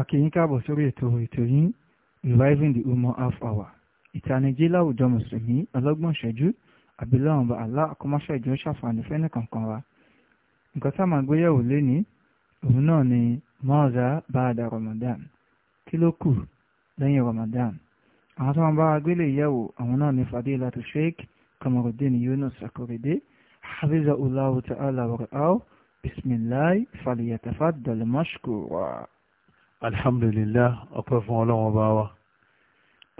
akíyín káàbọ̀ sórí ètò ètò yín reviving the human half hour ìtanijí láwùjọ mùsùlùmí ọlọ́gbọ̀n ṣẹ́jú àbílẹ̀wọ̀n bá àlá àkọ́mọ́ṣẹ́ ìjọ ṣàfààní fẹ́ni kankan wa nǹkan tá a máa gbéyẹ̀wò lénìí òun náà ni mọ́ọ̀dá báadà Ramadan kí ló kù lẹ́yìn Ramadan àwọn tó máa bá agbélé yẹ̀wò àwọn náà ni fadilatu sheikh Kamaruddin Yunus Akorede hafiza ulahu ta'ala wa ra'aw bisimilahi faliyatafaddal mashkura alhamdulillah ọpẹ́ fún ọlọ́run ọba wa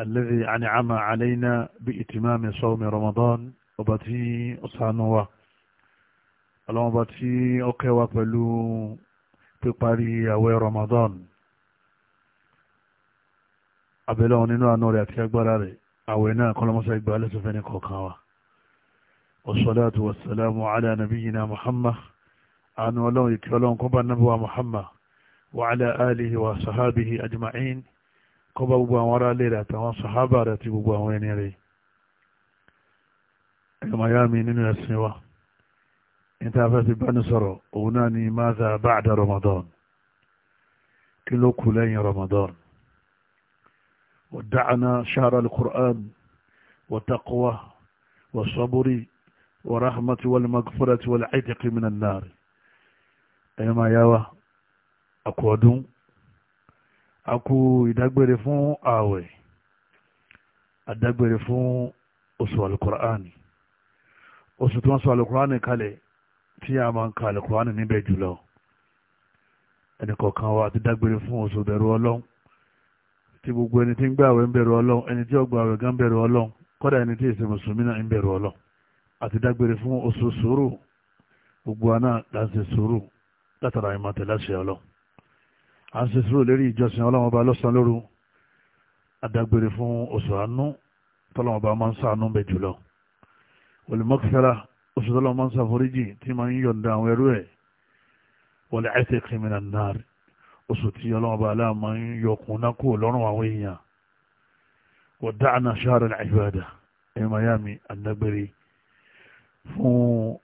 alladhi an'ama alayna bí ìtìmáàmì sawmi ramadan ọba tí ó ṣàánú wa ọlọ́run ọba tí ó kẹ́ wa pẹ̀lú píparí àwẹ̀ ramadan abẹ́lẹ́ wọn nínú àánú rẹ̀ àti agbára rẹ̀ àwẹ̀ náà kọ́lọ́mọ́sá ìgbà alẹ́sọ̀fẹ́ ní kọ̀ọ̀kan wa wassalatu ala nabiyyina muhammad àánú ọlọ́run ìkẹ́ ọlọ́run kọ́ bá muhammad وعلى آله وصحابه أجمعين قبل وراء ليلة وصحابة رتي بوامرين يلي كما يامي ننو السنوة انت أفاتي بانسر أوناني ماذا بعد رمضان كلو كلين رمضان ودعنا شهر القرآن والتقوى والصبر ورحمة والمغفرة والعتق من النار أيما ياوه àkú ọdún àkú ìdágbére fún ààwẹ̀ àdágbére fún oṣù alukur'ani oṣù tí wọ́n sọ alukur'ani kalẹ̀ tí a máa ń ka alukur'ani níbẹ̀ jùlọ ẹnìkọ̀ọ̀kan wa ti dágbére fún oṣù bẹ̀rù ọlọ́run tí gbogbo ẹni tí ń gbààwẹ̀ ń bẹ̀rù ọlọ́run ẹni tí ó gbààwẹ̀ gan bẹ̀rù ọlọ́run kọ́dà ẹni tí èsì mùsùlùmí náà ń bẹ̀rù ọlọ́run àti dágbére fún oṣù sùúrù gbogbo àná láti sùúrù látara ìmọ̀tẹ̀ láṣẹ ọlọ́run à ń sẹ́sìrò lérí ìjọsìn ọlọ́run ọba lọ́sàn-án lóru adágbére fún oṣù àánú tọ́lọ́run ọba máa ń sàánú bẹ̀ jùlọ olùmọ́kìsára oṣù tọ́lọ́run máa ń sàforíjì tí máa ń yọ̀ǹda àwọn ẹrú ẹ̀ wọlé àìsè kìmìnà náà oṣù tí ọlọ́run ọba aláà máa ń yọkùn náà kúrò lọ́rùn àwọn èèyàn wọ̀dáàna ṣáàrẹ̀ al-ibada ẹ̀ miami adágbére fún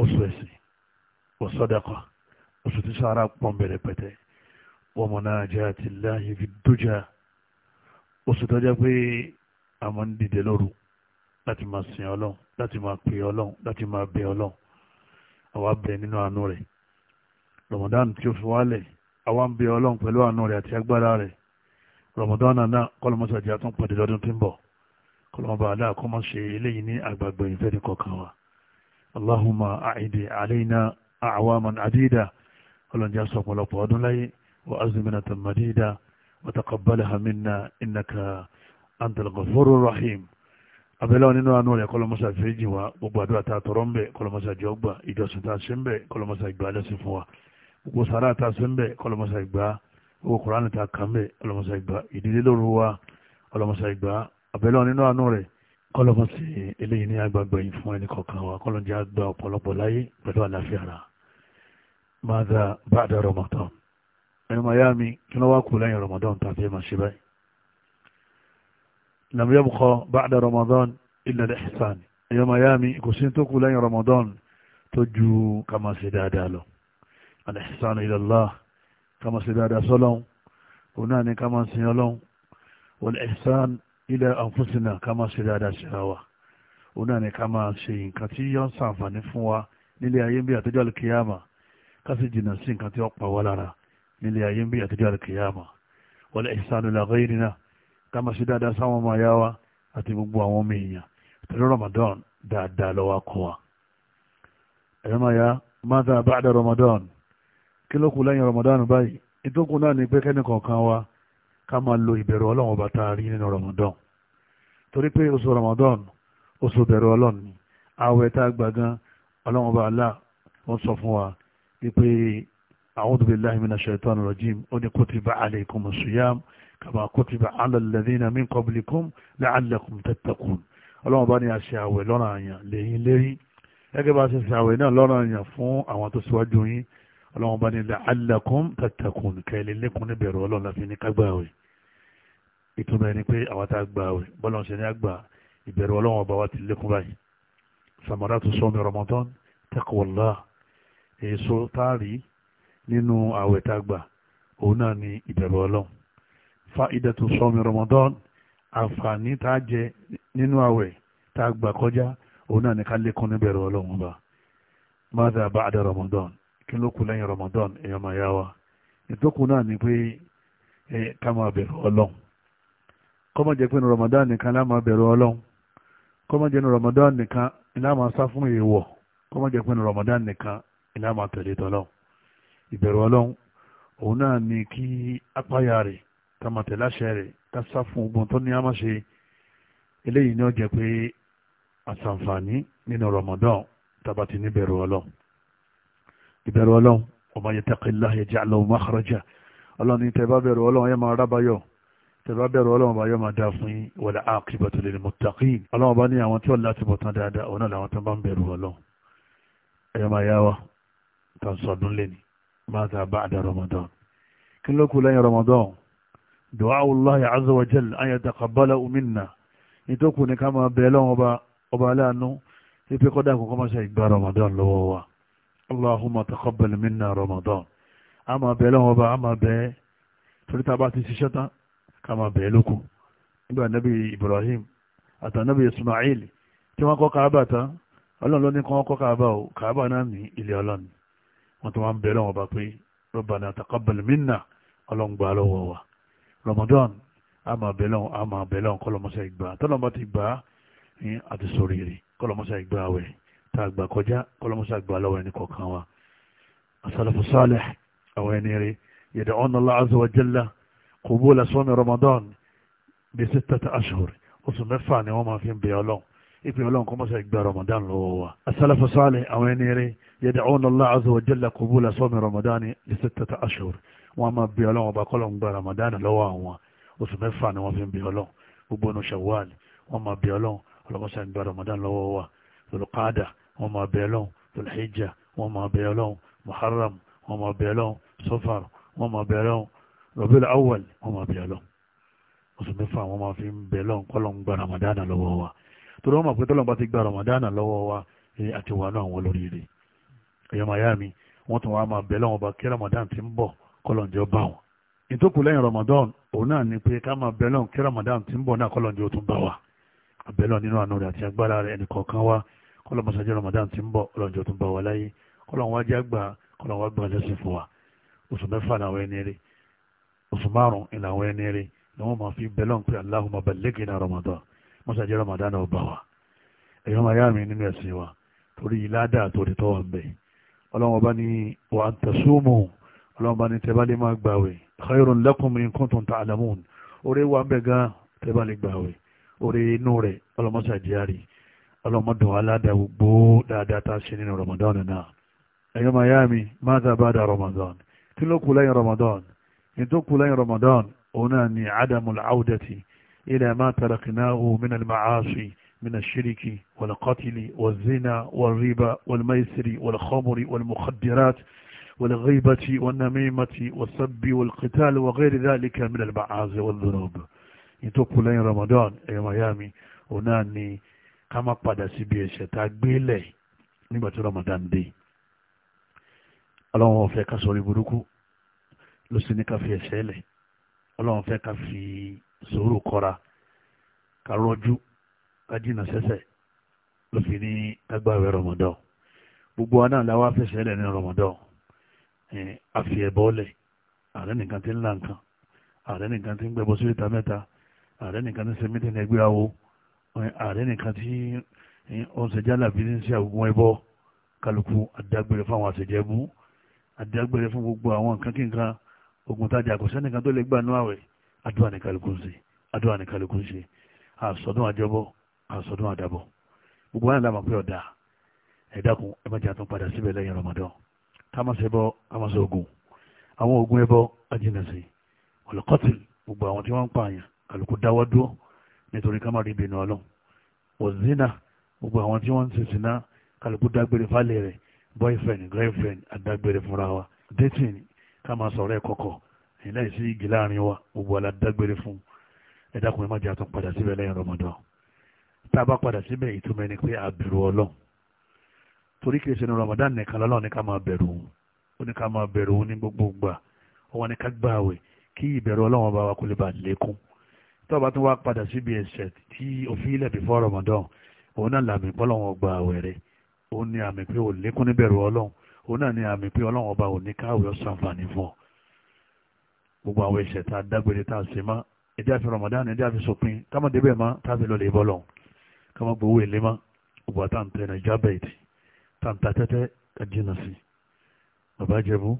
oṣù ẹ̀sìn wọ́sọ́dẹ̀kọ́ oṣù tí sára pọ̀ bẹ̀rẹ̀ pẹ̀tẹ́ wa munajati Allahi fi duja oṣù tó jẹ́ pé a máa ń dìde lóru láti máa sìn ọlọ́run láti máa pè ọlọ́run láti máa bẹ ọlọ́run àwa bẹ nínú àánú rẹ̀ Ramadan tí ó fi wálẹ̀ àwa ń bẹ ọlọ́run pẹ̀lú àánú rẹ̀ àti agbára rẹ̀ Ramadan náà kọ́lọ́mọ́sàjì àtún pàdé lọ́dún tí ń bọ̀ kọ́lọ́mọba aláà kọ́ ṣe eléyìí ní àgbàgbà ìfẹ́ ní kọ̀ọ̀kan wa Allahumma a'idi alaina a'waman adida ọlọ́njà sọ ọ̀pọ̀lọpọ̀ ọdún láyé وأزمنة مديدة وتقبلها منا إنك أنت الغفور الرحيم abẹ́lẹ́ nínú àánú rẹ̀ kọlọmọ́sá fèjì wa gbogbo àdúrà tá a tọrọ ń bẹ̀ kọlọmọ́sá jọ gbà ìjọsìn tá a ṣe ń bẹ̀ kọlọmọ́sá ìgbà lẹ́sìn fún wa gbogbo sàrà tá a ṣe ń bẹ̀ kọlọmọ́sá ìgbà gbogbo kùránì tá a kàn bẹ̀ kọlọmọ́sá ìgbà ìdílé lóru wa kọlọmọ́sá ìgbà abẹ́lẹ́ nínú àánú rẹ̀ kọlọmọ́sá eléyìí ní agbàgbà yìí fún ẹ̀yìn miami kí wọ́n wá kú lẹ́yìn ramadan tàbí ẹ̀mà ṣe báyìí lam yabqa ba'da ramadan illa al-ihsan ẹ̀yìn miami kò sí tó kú lẹ́yìn ramadan tó ju kama ṣe dáadáa lọ al-ihsan ila Allah kama ṣe dáadáa sọ́lọ́n òun náà ni kama ṣe ọlọ́n wal-ihsan ila anfusina kama ṣe dáadáa ṣe wa òun náà ni kama ṣe nǹkan tí yọ́n sàǹfààní fún wa nílé ayé bí àtọ́jọ́ alkiyama ká sì sí nǹkan tí ó pa wá lára nílé ayé ń bí àtijọ́ àlùkìyàmà wọlé ìsànù làgọ́ yìí nínà ká máa ṣe dáadáa sáwọn ọmọ ayá wa àti gbogbo àwọn ọmọ èèyàn tẹ̀lé Ramadan dáadáa lọ́wọ́ kọ́ wa ẹ̀rọ máa ya mada ba'da Ramadan kí ló kù lẹ́yìn Ramadan báyìí ìtókù náà ni pé kẹ́ni kọ̀ọ̀kan wa ká máa lo ìbẹ̀rù ọlọ́run ọba tá a rí Ramadan torí pé oṣù Ramadan oṣù bẹ̀rù ọlọ́run ni àwẹ̀ tá a gbà gan ọlọ́run ọba sọ fún wa wípé أعوذ بالله من الشيطان الرجيم أن كتب عليكم الصيام كما كتب على الذين من قبلكم لعلكم تتقون ọlọ́run bá ní àṣẹ àwẹ̀ lọ́rọ̀ àyàn lẹ́yìn lérí gẹ́gẹ́ bá ṣe ṣe àwẹ̀ náà lọ́rọ̀ àyàn fún àwọn tó síwájú yín ọlọ́run bá ní la'allakum tattaqun kẹ́lẹ́ lẹ́kùn níbẹ̀rù ọlọ́run láfi ní ká gbà wẹ̀ ìtumọ̀ ẹni pé àwọn tá a gbà wẹ̀ bọ́lá ṣe ní àgbà ìbẹ̀rù ọlọ́run ọba wa ti lẹ́kùn báyìí samaratu sawmi Ramadan taqwallah èso táàrí nínú àwẹ̀ tágbà òun náà ni ìbẹ̀rù ọlọ́run fa'idatu sọ́mi ramadan àǹfààní tá a jẹ nínú àwẹ̀ tágbà kọjá òun náà ni ká lékún níbẹ̀rù ọlọ́run bá mada ba'da ramadan kí ló kù lẹ́yìn ramadan èèyàn máa yá wa ìtókù náà ni pé ká máa bẹ̀rù ọlọ́run kọ́mọ jẹ́ pé ní ramadan nìkan lá máa bẹ̀rù ọlọ́run kọ́mọ jẹ́ ní ramadan nìkan ilá máa sá fún èèwọ̀ kọ́mọ jẹ́ pé ní ramadan nìkan ilá máa tẹ̀lé tọ́lọ́run ìbẹ̀rù ọlọ́run òun náà ni kí apáyà rẹ̀ tamatẹ̀láṣẹ rẹ̀ kásá fún ogun tó ní a máa ṣe eléyìí ni ó jẹ́ pé àṣàǹfààní nínú Ramadan tabati ní ìbẹ̀rù ọlọ́run ìbẹ̀rù ọlọ́run wa man yattaqillaha yaj'al lahu makhraja ọlọ́run ní tẹ́bá bẹ̀rù ọlọ́run ẹ máa rábáyọ̀ tẹ́bá bẹ̀rù ọlọ́run bá yọ máa dá fún yín wal aqibatu lil muttaqin ọlọ́run bá ní àwọn tí wọ́n láti bọ̀ tán dáadáa òun làwọn tó bá ń bẹ̀rù ọlọ́run ẹ̀yọ́ máa yá wa tá a lẹ́ni ماذا بعد رمضان كلكم لين رمضان دعاء الله عز وجل أن يتقبله منا نتوكو كما بيلون وبا وبا لانو يبي قداكو كما شايد رمضان لو اللهم تقبل منا رمضان أما بيلون وبا أما بي تريتا باتي سيشتا كما بلوكو. نبي النبي إبراهيم أتى النبي إسماعيل كما قو كعبة أولا لوني كما قو كعبة كعبة نامي إلي أولاني wọ́n tó wá ń bẹ̀rẹ̀ wọn bá pé Rabbana taqabbal minna ọlọ́ngbà lọ́wọ́ wa Ramadan àmà bẹ̀rẹ̀ wọn àmà bẹ̀rẹ̀ wọn kọ́lọ́mọṣẹ́ ìgbà tọ́lọ́mọ ti gbà á ní àti sórí rè kọ́lọ́mọṣẹ́ ìgbà wẹ̀ tá a gbà kọjá kọ́lọ́mọṣẹ́ ìgbà lọ́wọ́ ẹni kọ̀ọ̀kan wa as-salafu salih ẹni rè yad'una Allah azza wa jalla qubula Ramadan bí sittati ashhur oṣù mẹ́fà ni wọ́n máa fi ń bẹ̀ ọlọ́run ipe ọlọ́run kọ́ mọ́sá ìgbà ramadan lọ́wọ́ wa asálàfà sọ́ọ̀lẹ̀ àwọn ẹni rẹ̀ yad'una Allah azza wa jalla qubula sawmi ramadan li sittata ashhur wọn máa bí ọlọ́run ọba kọ́lọ̀ ń gba ramadan lọ́wọ́ àwọn oṣù mẹ́fà ni wọ́n fi ń bí ọlọ́run gbogbo ọ̀nà shawwal wọn máa bí ọlọ́run ọlọ́mọsá ìgbà ramadan lọ́wọ́ wa lọ́lọ́kádà wọn máa bí ọlọ́run lọ́lọ́hijja wọn máa bí ọlọ́run ramadan lọ́wọ́ wa torí wọ́n mọ̀ pé tọ́lọ́mù bá ti gba Ramadan lọ́wọ́ wa àti wà náà wọ́n lórí rẹ̀ ẹ̀yọ́ miami wọ́n tún wá máa bẹ̀ lọ́wọ́ bá kí Ramadan ti ń bọ̀ kọ́lọ́njọ́ bá wọn ìtòkù lẹ́yìn Ramadan òun náà ni pé ká máa bẹ̀ lọ́wọ́ kí Ramadan ti ń bọ̀ náà kọ́lọ́njọ́ tún bá wa àbẹ̀lọ́ nínú àánú rẹ̀ àti agbára rẹ̀ ẹnì kọ̀ọ̀kan wa kọ́lọ́mọsájọ́ Ramadan ti ń bọ̀ kọ́lọ́njọ́ tún bá wa láyé kọ́lọ́n wá jágbà kọ́lọ́n wá gbà lẹ́sìn fún wa oṣù mẹ́fà làwọn ẹni rẹ̀ oṣù márùn Ramadan mọ́sàjẹ́ Ramadan ọba wa ẹ̀yọ́ máa yá mi nínú ẹ̀sìn wa torí ìládà àtòrí tó wà ń bẹ̀ ọlọ́run ọba ní wà á tẹ̀sùmù ọlọ́run ọba ní tẹ́bá lè máa gbàwẹ̀ khairun lakum in kuntum ta'lamun orí wa ń bẹ̀ gan tẹ́bá lè gbàwẹ̀ orí inú rẹ̀ ọlọ́mọ́sàjẹ́ àrí ọlọ́mọdún aládà gbogbo dáadáa tá a ṣe nínú Ramadan náà ẹ̀yọ́ máa yá mi máa tà bá da Ramadan kí ló kù lẹ́yìn Ramadan ètò kù lẹ́yìn Ramadan òun náà ni adamul audati إلى ما تركناه من المعاصي من الشرك والقتل والزنا والربا والميسر والخمر والمخدرات والغيبة والنميمة والسب والقتال وغير ذلك من المعاصي والذنوب يتوكل لين رمضان يا ميامي وناني كما قد سبيش تقبيله نبات رمضان دي الله ọ̀fẹ́ ká sọ̀rọ̀ burúkú في sì الله ká fi sùúrù kọ́ra ká rọ́jú ká jìnnà sẹ́sẹ̀ ló fi ní agbáwẹ̀ rọmọdọ́ gbogbo wa náà la wá fẹsẹ̀ lẹ̀ ní rọmọdọ́ àfi ẹ̀bọ́ lẹ̀ ààrẹ nìkan ti ń la nǹkan ààrẹ nìkan ti ń gbẹbọ sí ìta mẹ́ta ààrẹ nìkan ti ń ṣe mítìnì ẹgbẹ́ awo ààrẹ nìkan ti ń ṣe jálàbí ní sí àgùn ẹbọ kálukú adágbére fáwọn àṣejẹbú adágbére fún gbogbo àwọn nǹkan kí nǹkan ogun tajà kò sẹ́nìkan tó lè gbà nú àwẹ̀ àdúrà ní kálukú ń ṣe àdúrà ní kálukú ń ṣe àsọdún àjọbọ àsọdún àdàbọ gbogbo wọn làmà pé ọ̀dà ẹ̀dákun ẹ má jẹ́ àtún padà síbẹ̀ lẹ́yìn Ramadan támásẹ̀ bọ́ àmásẹ̀ ogun àwọn ogun ẹbọ ajínàṣe ọ̀lọ́kọ́tìl gbogbo àwọn tí wọ́n ń pààyàn kálukú dáwọ́ dúró nítorí ká má rí ìbínú Ọlọ́run wọ̀zínà gbogbo àwọn tí wọ́n ń ṣe sìná kálukú dágbére fálẹ̀ rẹ̀ boyfriend girlfriend adágbére fúnra wa dating ká máa sọ̀rọ̀ ẹ̀ kọ̀kọ̀ láì sí igi láàrin wa gbogbo ala dágbére fún ẹ dákun ẹ má jẹ́ àtún padà síbẹ̀ lẹ́yìn rọmọdán tá a bá padà síbẹ̀ ìtumọ̀ ẹni pé a bẹ̀rù ọlọ́run torí kìí ṣe ní rọmọdán nìkan lọ́lọ́run ní ká máa bẹ̀rù òun ó ní ká máa bẹ̀rù òun ní gbogbo gbà ó wọn ní ká gbààwẹ̀ kí ìbẹ̀rù ọlọ́run bá wa kó lè bá lékún tó bá tún wá padà síbi ẹ̀ṣẹ̀ tí òfin ilẹ̀ bí fọ́ rọmọdán òun náà làmì pọ́lọ́wọ́n gba àwẹ̀ òun ní àmì pé ò lékún níbẹ̀rù ọlọ́run òun náà ní àmì pé ọlọ́run ọba ò ní káwé ọ̀sán àǹfààní fún ọ gbogbo àwọn ẹ̀ṣẹ̀ tá a dágbére tá a ṣe má ẹdí àfi Ramadan ẹdí àfi sopin káma débẹ̀ má táfi lọ́ọ́ lè bọ́ lọ́n káma gbowó èlé má gbogbo àtàǹtẹ̀ nàìjà bẹ̀ẹ̀tì tàǹtà tẹ́tẹ́ ẹ̀jìnà sí bàbá jẹ̀bú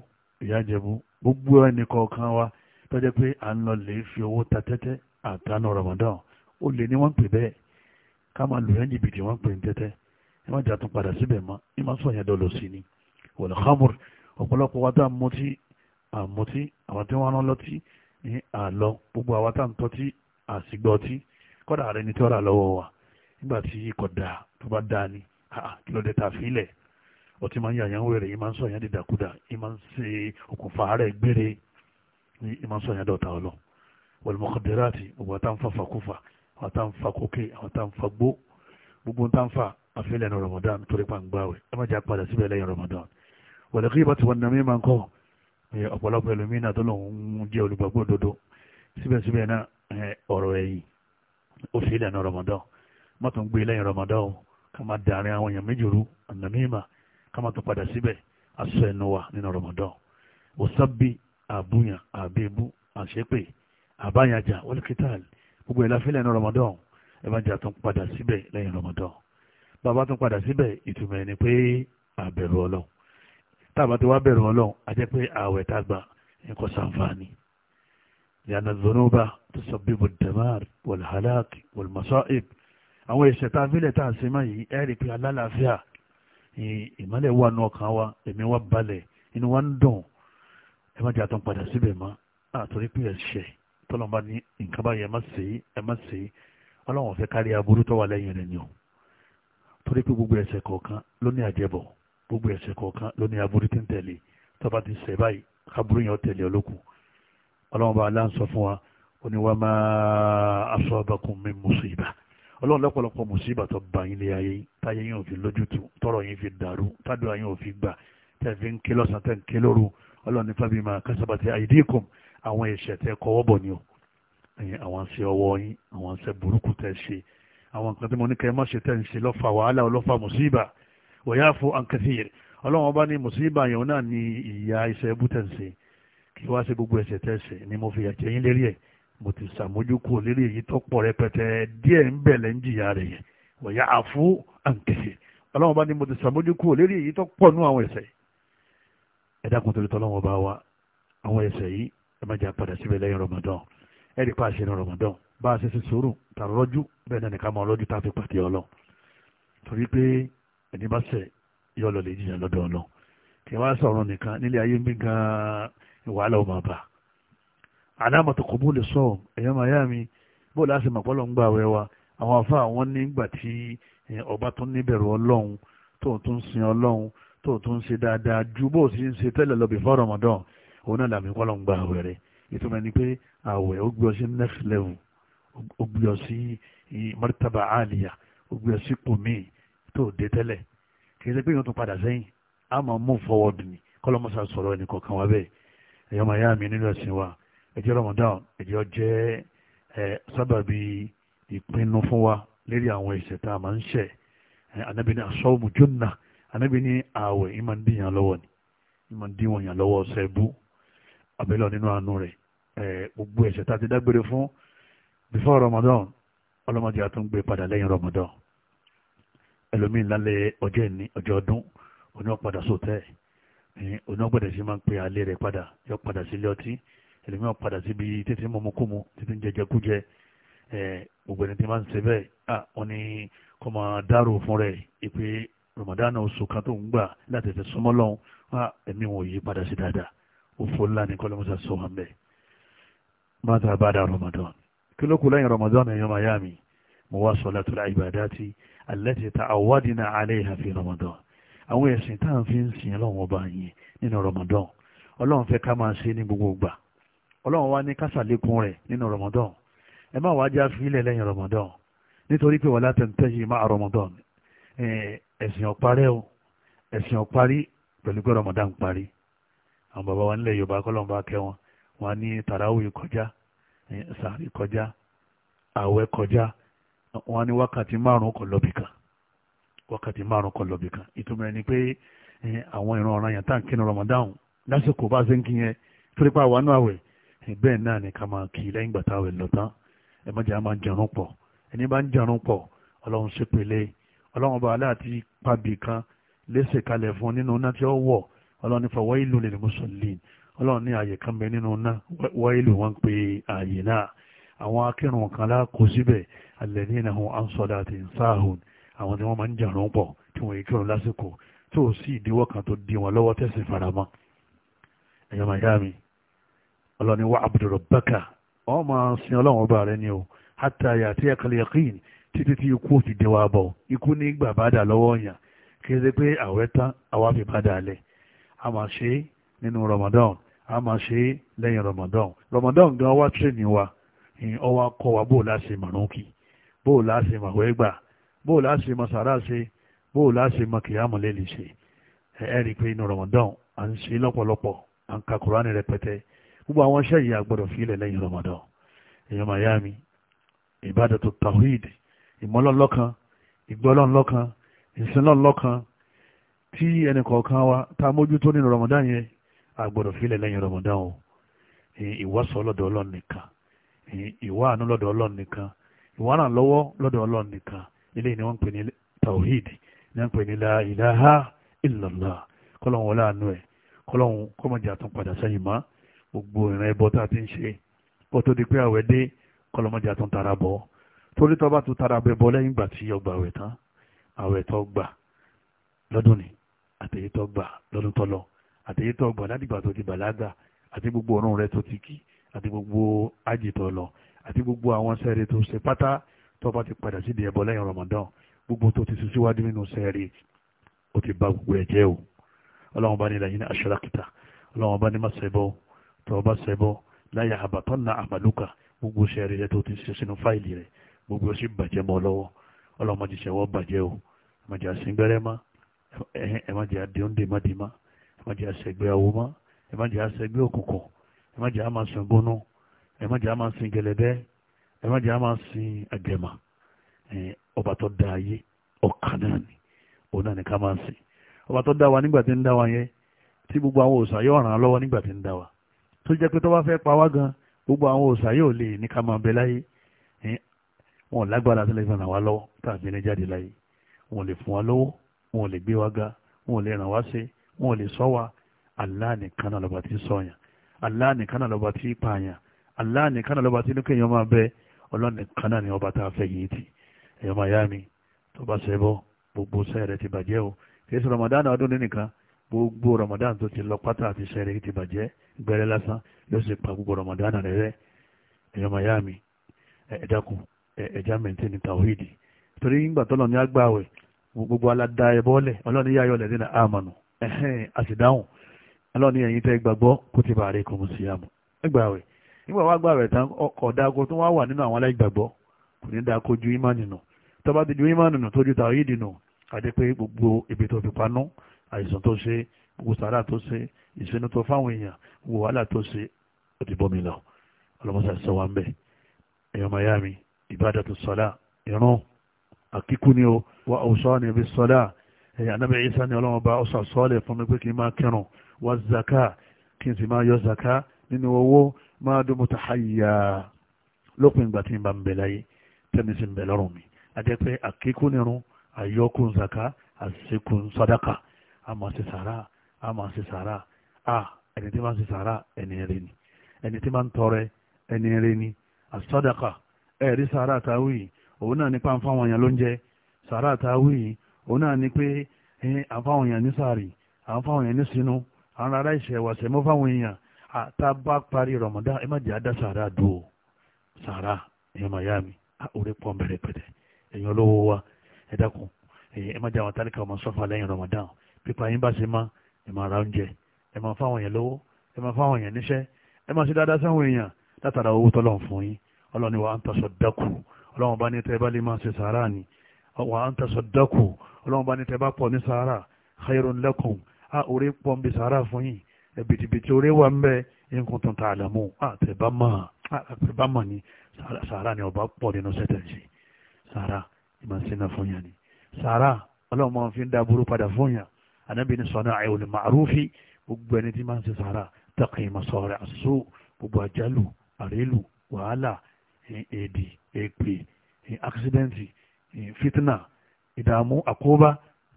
ìyá jẹ̀bú gbogbo ẹnì kọ̀ọ̀kan wa tọ́jẹ́ pé à ń lọ lè fi owó ta tẹ́tẹ́ àtànà Ramadan ó lè ní wọ́n pè bẹ́ẹ̀ káma lò ẹ́ jìbìtì wọ́n pè ń tẹ́tẹ́ ẹ àmọ́tí àwọn tí wọ́n rán lọ́tí ní àlọ́ gbogbo àwọn tá à ń tọ́tí àsìgbọ́tí kọ́dà ààrẹ ni tí ó rà lọ́wọ́ wa nígbà tí kọ̀dà tó bá dáa ni kí ló dé ta fílẹ̀ ọtí máa ń yàyàn wẹ̀rẹ̀ yìí máa ń sọ yẹn dìdàkudà yìí máa ń ṣe okùnfà ààrẹ gbére yìí máa ń sọ yẹn dọ̀tà ọlọ wọlùmọ̀kọ̀dẹ́rẹ́àtì gbogbo àtà ń fa fàkúfà àtà ń fa kókè àtà ń fa gbó gbogbo ń tà ń fa àfẹ́lẹ̀ ní Ramadan torí pàǹgbáwẹ̀ ẹ má jà padà síbẹ̀ lẹ́yìn Ramadan wọlé kí ibà ti wọn nàmí máa ń kọ́ ọ̀pọ̀lọpọ̀ ẹlòmínà tó lòun jẹ́ olùgbàgbọ́ òdodo síbẹ̀síbẹ̀ náà ọ̀rọ̀ ẹ̀yìn ó ṣe lẹ́nu rọmọdán má tó ń gbé lẹ́yìn rọmọdán o ká má darin àwọn èèyàn méjì rú ọ̀nà mímà ká má tó padà síbẹ̀ aṣọ ẹnu wa nínú rọmọdán òsábì àbúyàn àbẹ́bú àṣepè àbáyàjà wọlékítàl gbogbo ẹ̀ láfílẹ̀ nínú rọmọdán ẹ má jà tó padà síbẹ̀ lẹ́yìn rọmọdán bàbá tó padà síbẹ̀ ìtumọ̀ ẹni pé àbẹ̀rù ọlọ́run táàbà tí wàá bẹ̀rù ọlọ́run a jẹ́ pé ààwẹ̀ tá a gbà ń kọ́ sàǹfààní ìyànà zonoba tó sọ bí bùdàmár wàlhálàk wàlmásọ́ìb àwọn ẹ̀ṣẹ̀ tá a fílẹ̀ tá a ṣe mọ́ yìí ẹ̀rì pé alálàáfíà ìmọ̀lẹ̀ wà nù ọkàn wa ẹ̀mí wa balẹ̀ inú wa ń dùn ẹ má jẹ́ àtọ́ padà síbẹ̀ mọ́ àtòrí pé ẹ̀ṣẹ̀ tọ́lọ́mọba ní nǹkan báyìí ẹ má ṣe é ẹ má ṣe é ọlọ́run ọ̀fẹ́ kárí aburú tó wà lẹ́yìn rẹ̀ ni torí pé gbogbo ẹ̀ṣẹ̀ kọ̀ọ̀kan ló ní àjẹbọ̀ gbogbo ẹ̀ṣẹ̀ kọ̀ọ̀kan ló ní aburú tí ń tẹ̀lé tọ́ba ti ṣẹ̀ báyìí aburú yẹn ó tẹ̀lé ọlọ́kùn ọlọ́run bá aláǹ sọ fún wa ó ní wa ma asabakum min musiba ọlọ́run lọ́pọ̀lọpọ̀ musiba tó bá yín lé ayé táyé yín ò fi lójútu tọ́rọ̀ yín fi dàrú tádùn yín ò fi gbà tẹ́ fi ń ké lọ́sàn tẹ́ ń ké lóru ọlọ́run ní fábímà kásábàtì àìdíkùn àwọn ẹ̀ṣẹ̀ tẹ́ kọ́wọ́ bọ̀ ni o àwọn ṣe ọwọ́ yín àwọn ṣe burúkú tẹ́ ṣe àwọn nǹkan tí mo ní kẹ́ ẹ má ṣe tẹ́ ń ṣe lọ́fà wàhálà ọlọ́fà musiba wọ̀yáfo ankathir ọlọ́run ọba ní mùsíbà yẹn náà ní ìyá iṣẹ́ bútẹ̀nsì kí wá sí gbogbo ẹ̀ṣẹ̀ tẹ̀sẹ̀ ni mo fi yàjẹ́ yín lérí ẹ̀ mo ti sàmójúkú lérí èyí tó pọ̀ rẹpẹtẹ díẹ̀ ń bẹ̀lẹ̀ ń jìyà rẹ̀ yẹn wọ̀yáfo ankathir ọlọ́run ọba ní mo ti sàmójúkú lérí èyí tó pọ̀ nú àwọn ẹ̀ṣẹ̀ ẹ̀dàkùn torí tọ́lọ́run ọba wa àwọn ẹ̀ṣẹ̀ yìí ẹ ẹni bá ṣẹ̀ yọ lọ lè jiyàn lọ́dọ̀ ọ̀nà kí wọ́n sọ̀rọ̀ nìkan nílé ayé ń bí gan wàhálà ọmọ àbá alámọ̀tò kò bó lè sọ ẹ̀yọ́ màyá mi bó láti mọ̀ pọ́lọ́ ń gbà wẹ́ wa àwọn afá àwọn nígbà tí ọba tó níbẹ̀rù ọlọ́run tó tún sin ọlọ́run tó tún ṣe dáadáa ju bó sì ń ṣe tẹ́lẹ̀ lọ before Ramadan òun náà làmì pọ́lọ́ ń gbà wẹ́ rẹ̀ ìtumọ̀ ni pé àwẹ̀ ó gbé ọ sí next level ó gbé ọ sí martaba aliya ó gbé ọ sí kùmíì tó dé tẹ́lẹ̀ kì í ṣe pé yóò tún padà sẹ́yìn a máa move forward ni kọ́lọ́mọ́sá sọ̀rọ̀ ẹnì kọ̀ọ̀kan wa bẹ́ẹ̀ ẹ̀yọ́ máa yá mi nínú ẹ̀sìn wa ẹjẹ́ Ramadan ẹjẹ́ jẹ́ ẹ sábàbí ìpinnu fún wa lérí àwọn ẹ̀ṣẹ̀ tá a máa ń ṣẹ̀ Ànábì ní asọ́ọ̀mù jọ́nà Ànábì ní ààwẹ̀ ìmọ̀ ń díyàn lọ́wọ́ ni ìmọ̀ ń díwọ̀n yàn lọ́wọ́ ṣẹ́bú abẹ́lọ́ nínú àánú rẹ̀ gbogbo ẹ̀ṣẹ̀ tá a ti dágbére fún before Ramadan ọlọ́mọdé àtúngbé padà lẹ́yìn Ramadan ẹlòmíì lálẹ́ ọjọ́ ìní ọjọ́ ọdún oní ọ̀padà sòtẹ́ oní ọ̀gbẹ̀dẹ̀ sí máa ń pe alẹ́ rẹ̀ padà yọ padà sílé ọtí ẹlòmíì ọ̀padà síbi títí mọ́mọ́kùmù títí ń jẹjẹ kújẹ gbogbo ẹni tí máa ń ṣe bẹ́ẹ̀ wọ́n ní kọ́ máa dárò fún rẹ̀ ìpè Ramadan oṣù kan tó ń gbà láti ẹ̀sẹ̀ súnmọ́ lọ́hùn wá ẹ̀mí wọn yí padà sí dáadáa òfò ńlá ní kọ́lọ́mùsà Ramadan kí ló miami muwasalatul ibadati allati ta'awwadna 'alayha fi Ramadan àwọn ẹ̀sìn tá à ń fi ń sìn ọlọ́run ọba yẹn nínú Ramadan ọlọ́run fẹ́ ká máa ṣe ní gbogbo ìgbà ọlọ́run wá ní kásàlékún rẹ̀ nínú Ramadan ẹ má wàá já fílẹ̀ lẹ́yìn Ramadan nítorí pé wala tantahi ma'a Ramadan ẹ̀sìn ọ̀parẹ́ o ẹ̀sìn ọ̀parí pẹ̀lú pé Ramadan parí àwọn bàbá wa nílẹ̀ Yorùbá kọ́lọ́n bá kẹ́ wọn wọn ní tàràwì kọjá sàárì kọjá àwẹ̀ kọjá wọ́n ní wákàtí márùn-ún kò lọ́bì kan wákàtí márùn-ún kò lọ́bì kan ìtumọ̀ ẹni pé àwọn ìran ọ̀ràn yẹn tá à ń kí ní Ramadan lásìkò bá ṣe ń kí yẹn torí pé àwọn àwẹ̀ bẹ́ẹ̀ náà ni ká máa kì í lẹ́yìn gbàtà àwẹ̀ lọ́tán ẹ má jẹ́ a máa jẹun pọ̀ ẹni bá ń jẹun pọ̀ ọlọ́run ṣe pèlè ọlọ́run bá aláàtí pàbí kan léṣe kalẹ̀ fún nínú iná tí ó wọ̀ ọlọ́run ní fọwọ́ ìlú lè mùsùlùmí ọlọ́run ní ààyè kan bẹ nínú iná wọ́ ìlú wọn pé ààyè náà àwọn akẹ́rùn kan lá síbẹ̀ alladhina hum an salatin sahun àwọn tí wọ́n máa ń jàrún pọ̀ tí wọ́n ìkírun lásìkò tí ò sí ìdíwọ́ kan tó di wọn lọ́wọ́ tẹ̀sìn faramọ́ ẹ̀yọ́ mayami ọlọ́ni wa abudu rabbaka wọ́n máa sin ọlọ́run ọba rẹ ni o hatta ya'tiyakal yaqin títí tí ikú ò fi dé wa bọ̀ ikú ní gbà bá dà lọ́wọ́ yàn kì í ṣe pé àwẹ̀ tán àwa fi bá dà lẹ̀ a máa ṣe nínú Ramadan a máa ṣe lẹ́yìn Ramadan Ramadan gan wa tírè ní wa ọwọ́ akọ wa bó láti màrún kìí bóò láṣe màwẹ́ gbà bóò láṣe mọ sàrà ṣe bóò láṣe mọ kìyàmù lè lè ṣe ẹ rí i pé inú Ramadan à ń lọ́pọ̀lọpọ̀ à ń ka rẹpẹtẹ gbogbo àwọn iṣẹ́ yìí àgbọ̀dọ̀ fiile lẹ́yìn Ramadan èèyàn miami ibada tawhid ìmọ́lọ́lọ́kan ìgbọ́lọ́lọ́kan ìsinlọ́lọ́kan tí ẹnì kọ̀ọ̀kan wa tá a mójútó nínú Ramadan yẹn àgbọ̀dọ̀ lẹ́yìn Ramadan o ìwọ́sọ̀ lọ́dọ̀ Ọlọ́run nìkan ìwọ́ àánú ìwárà lọ́wọ́ lọ́dọ̀ ọlọ́run nìkan ilé ni wọ́n ń pè ní tawhid ní wọ́n ń pè ní la ilaha illallah kọ́lọ́hún wọlé àánú ẹ̀ kọ́lọ́hún kọ́mọ̀jà tún padà sẹ́yìn mọ́ gbogbo ìran ẹbọ tá a ti ń ṣe kó tó di pé àwẹ̀ dé kọ́lọ́mọ̀jà tún tara bọ̀ torí tó bá tún tara bẹ̀ bọ́ lẹ́yìn ìgbà tí ọgbà àwẹ̀ tán àwẹ̀ tó gbà lọ́dún ni àtẹ̀yẹ tó gbà lọ́dún tó lọ àtẹ̀yẹ tó gbà ládìgbà tó ti bàlágà àti gbogbo ọ̀run rẹ tó ti kí àti gbogbo ájì lọ àti gbogbo àwọn sẹ́ẹ̀rì tó ṣe pátá tó bá ti padà síbi ẹ̀bọ lẹ́yìn Ramadan gbogbo tó ti sùn síwájú nínú sẹ́ẹ̀rì ó ti ba gbogbo ẹ̀ jẹ́ o ọlọ́run bá ní ìlànà aṣọ́rakìtà ọlọ́run bá ní má ṣẹbọ tó bá ṣẹbọ láyà àbàtọ́nà àmàlùkà gbogbo sẹ́ẹ̀rì rẹ tó ti ṣe sínú fáìlì rẹ gbogbo sì bàjẹ́ mọ́ lọ́wọ́ ọlọ́run má ti ṣẹ̀wọ́ bàjẹ́ o ẹ ẹ má jẹ́ a máa sin gẹ̀lẹ́dẹ́ ẹ má jẹ́ a máa sin àgẹ̀mà ọba tó dá ayé ọ̀kan náà ni òun náà ni ká máa sin ọba tó dá wa nígbà tí ń dá wa yẹn tí gbogbo àwọn òòsà yóò ràn án lọ́wọ́ nígbà tí ń dá wa tó jẹ́ pé tó bá fẹ́ pa wá gan gbogbo àwọn òòsà yóò lè ní ká máa bẹ láyé wọn ò lágbára tó lè fi ràn wá lọ́wọ́ tàbí ní jáde láyé wọn ò lè fún wa lọ́wọ́ wọn ò lè gbé wa ga wọn ò lè ràn wá ṣe wọn ò lè sọ wa Allah nìkan náà lọ́ba tí sọ̀yàn Allah nìkan náà lọ́ba tí pààyàn Allah nìkan náà lọ́ba tí ní kéèyàn máa bẹ ọlọ́run nìkan náà ni ọba tá a fẹ́ yìí tì ẹ̀yọ́ máa yá mi tó bá ṣe bọ́ gbogbo sẹ́yẹ̀ rẹ̀ ti bàjẹ́ o kìí ṣe Ramadan ọdún ní nìkan gbogbo Ramadan tó ti lọ pátá àti sẹ́yẹ̀ rẹ̀ ti bàjẹ́ gbẹ̀rẹ̀ lásán yóò sì pa gbogbo Ramadan rẹ̀ rẹ̀ ẹ̀yọ́ máa yá mi ẹ̀ẹ́dàkùn ẹ̀ẹ́dà mẹ́ntẹ́ ní tàwíìdì torí ńgbà tọ́lọ̀ ní agbáwẹ̀ kó ti bàárẹ̀ kò mú sí àmù nígbà wá gbà rẹ̀ tán ọkọ̀ dáko tó wá wà nínú àwọn aláìgbàgbọ́ kò ní dáko ju ìmánì nù tó bá ti ju ìmánì nù tó ju tàwọn yìí nù àti pé gbogbo ibi tó fi panú àìsàn tó ṣe gbogbo sàrà tó ṣe ìsinú tó fáwọn èèyàn gbogbo wàhálà tó ṣe ó ti bọ́ mi lọ ọlọ́mọṣà sọ wa ń bẹ̀ èèyàn miami ìbádàtú sọlá ìrún àkíkú ni ó wà ọ̀ṣọ́ ni ibi sọlá ẹ̀yìn anábẹ́ isa ni ọlọ́mọ bá ọ̀ṣà máa dún mọ́tò háyà lópin ìgbà tí n bá ń bẹ̀ láyé tẹ́mi sì ń bẹ̀ lọ́rùn mi àdẹ́pẹ́ àkíkún nírun àyọkùn zaka àṣekùn sadaka àmọ́ sí sàrà àmọ́ sí sàrà à ẹni tí máa ń sí sàrà ẹni rẹ ni ẹni tí máa ń tọrẹ ẹni rẹ ni àsadaka ẹ̀rí sàrà àtàwí òun náà nípa àǹfààwọn èèyàn ló ń jẹ sàrà àtàwí òun náà ní pé àǹfààwọn ní sàárì àǹfààwọn ní sinú àwọn ará ìṣẹ̀wàṣẹ̀ mọ́ èèyàn tá a bá parí Ramadan ẹ má jẹ́ àdá sàrà dùn o sàrà ẹ̀yàn miami orí pọ̀ bẹ̀rẹ̀ pẹ̀tẹ̀ ẹ̀yàn olówó wa ẹ dákun ẹ má jẹ́ àwọn tálíkà ọmọ sọ́fà lẹ́yìn Ramadan pípa yín bá ṣe má ẹ má ra oúnjẹ ẹ má fáwọn èèyàn lówó ẹ má fáwọn èèyàn níṣẹ́ ẹ má ṣe dáadáa sáwọn èèyàn látara owó tọ́lọ̀ fún yín ọlọ́run ni wà á ń tasọ̀ dákù ọlọ́run bá ní tẹ́ bá lè máa ṣe sàrà ni wà á ń tasọ̀ dákù ọlọ́run bá ní tẹ́ bá pọ̀ ní sàrà khairun lakum á orí pọ̀ ń bi sàrà fún yín ẹ̀bìtìbìtì orí wa ń bẹ nǹkan tó ń ta àlàmú àtẹ̀bámọ̀ ah, ah, ni sàárà ni ọba pọ̀ nínú sẹ́tẹ̀ǹsì sàárà ìmọ̀ sínú fún yàn ni sàárà ọlọ́run máa fi ń da burú padà fún yàn ànábì ní sọ̀nà àìwòlè màrúfì gbogbo ẹni tí máa ń ṣe sàárà tẹ̀kàn ìmọ̀ sọ̀rọ̀ àṣù gbogbo àjálù àrélù wàhálà èdè èpè àksidẹ́ǹtì fitna ìdààmú àkóbá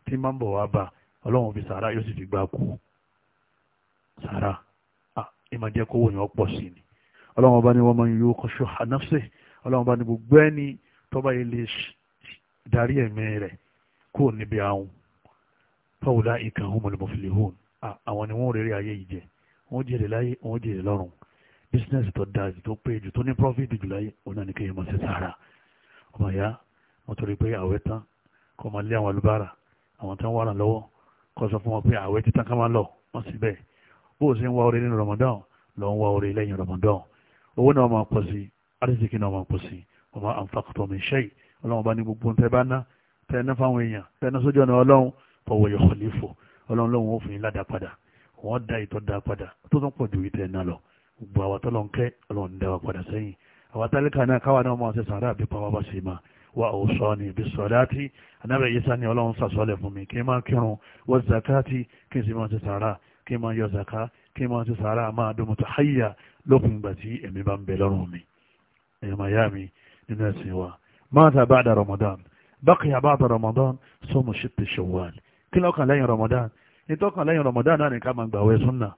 tí máa ń bọ̀ wá bá ọlọ́run fi sàárà yóò fi gbá kú sàrà ìmọ̀ ah, jẹ́ kówó yẹn pọ̀ sí ni ọlọ́run ọba ni wọ́n máa ń yọ kọ́ṣọ́ ànáfẹ́ ọlọ́run ọba ni gbogbo ẹni tọ́ba yìí lè darí ẹ̀mí rẹ̀ kó níbi àwọn fáwọlá ìkan humul muflihun àwọn ni wọ́n rere ayé yìí jẹ wọ́n jèrè láyé wọ́n jèrè lọ́run business tó da jù tó pé jù tó ní profit jù láyé òun náà ni kéèyàn máa ṣe sàrà ọmọ ìyá wọ́n torí pé àwẹ̀ tán kọ́ máa lé àwọn alubára àwọn tán wà lọ́wọ́ kọ́ sọ fún wọn pé àwẹ̀ títàn ká máa lọ wọ́n sì bẹ́ẹ̀ bó o ṣe ń wá orí nínú Ramadan lọ ń wá orí lẹ́yìn Ramadan owó náà máa pọ̀ sí arísìkí náà máa pọ̀ sí ọmọ àǹfààkùtọ̀ mi ṣe ọlọ́run bá ní gbogbo tẹ bá ná tẹ ná fáwọn èèyàn tẹ ná sójú ọ̀nà ọlọ́run ọwọ́ yẹ kọ̀ léfò ọlọ́run lóun ó fún yín ládàá padà wọ́n da ìtọ́ da padà tó tún pọ̀ ju ìtẹ̀ náà lọ gbogbo àwọn tọ́lọ́ wa padà sẹ́yìn àwọn tálíkà náà káwa náà máa ṣe sàárà àbí pàwọ́ bá ibi sọ̀dáàtì anábẹ̀yẹsà ni ọlọ́run sàṣọ́lẹ̀ fún mi kí n máa kírun wọ́n zakati kí n sì máa ṣe sàárà kí n máa yọ zaka kí n máa ti sàárà máa dùn mọ́tò háyà lópin ìgbà tí ẹ̀mí bá ń bẹ lọ́rùn mi ẹ̀yọ́ màyá mi nínú ẹ̀sìn wa mata ba'da Ramadan baqiya ba'da Ramadan sawmu shitti Shawwal kí lọ́kàn lẹ́yìn Ramadan ìtọ́kàn lẹ́yìn Ramadan náà nìkan máa gbàwẹ̀ súnà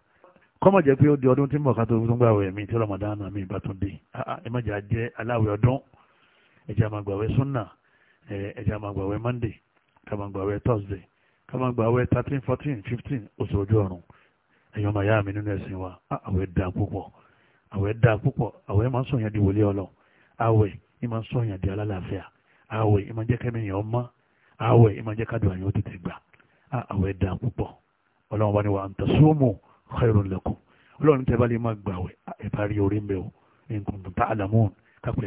kọ́mọ̀ jẹ́ pé ó di ọdún tí mọ̀ ká tó tún gbàwẹ̀ mi tí Ramadan náà mi bá tún dé ẹ má jà jẹ́ aláwẹ̀ ọdún ẹ̀jẹ̀ máa gbàwẹ̀ súnà ẹ̀jẹ̀ máa gbàwẹ̀ Monday ẹ̀yọ́ màá yá mi nínú ẹ̀sìn wa àwẹ̀ da púpọ̀ àwẹ̀ dáa púpọ̀ àwẹ̀ máa ń sọ̀yàn di wòlé ọlọ àwẹ̀ ì máa ń sọ̀yàn di alálàáfíà àwẹ̀ ì máa ń jẹ́ kẹ́mi yàn ọmọ àwẹ̀ ì máa ń jẹ́ kádùn àyàn tètè gbà àwẹ̀ dáa púpọ̀ ọlọ́run bá ní wa antasumu khairun lakum ọlọ́run tẹ́ bá lè máa gbàwẹ̀ ẹ̀ bá rí orí mbẹ́ o ẹ̀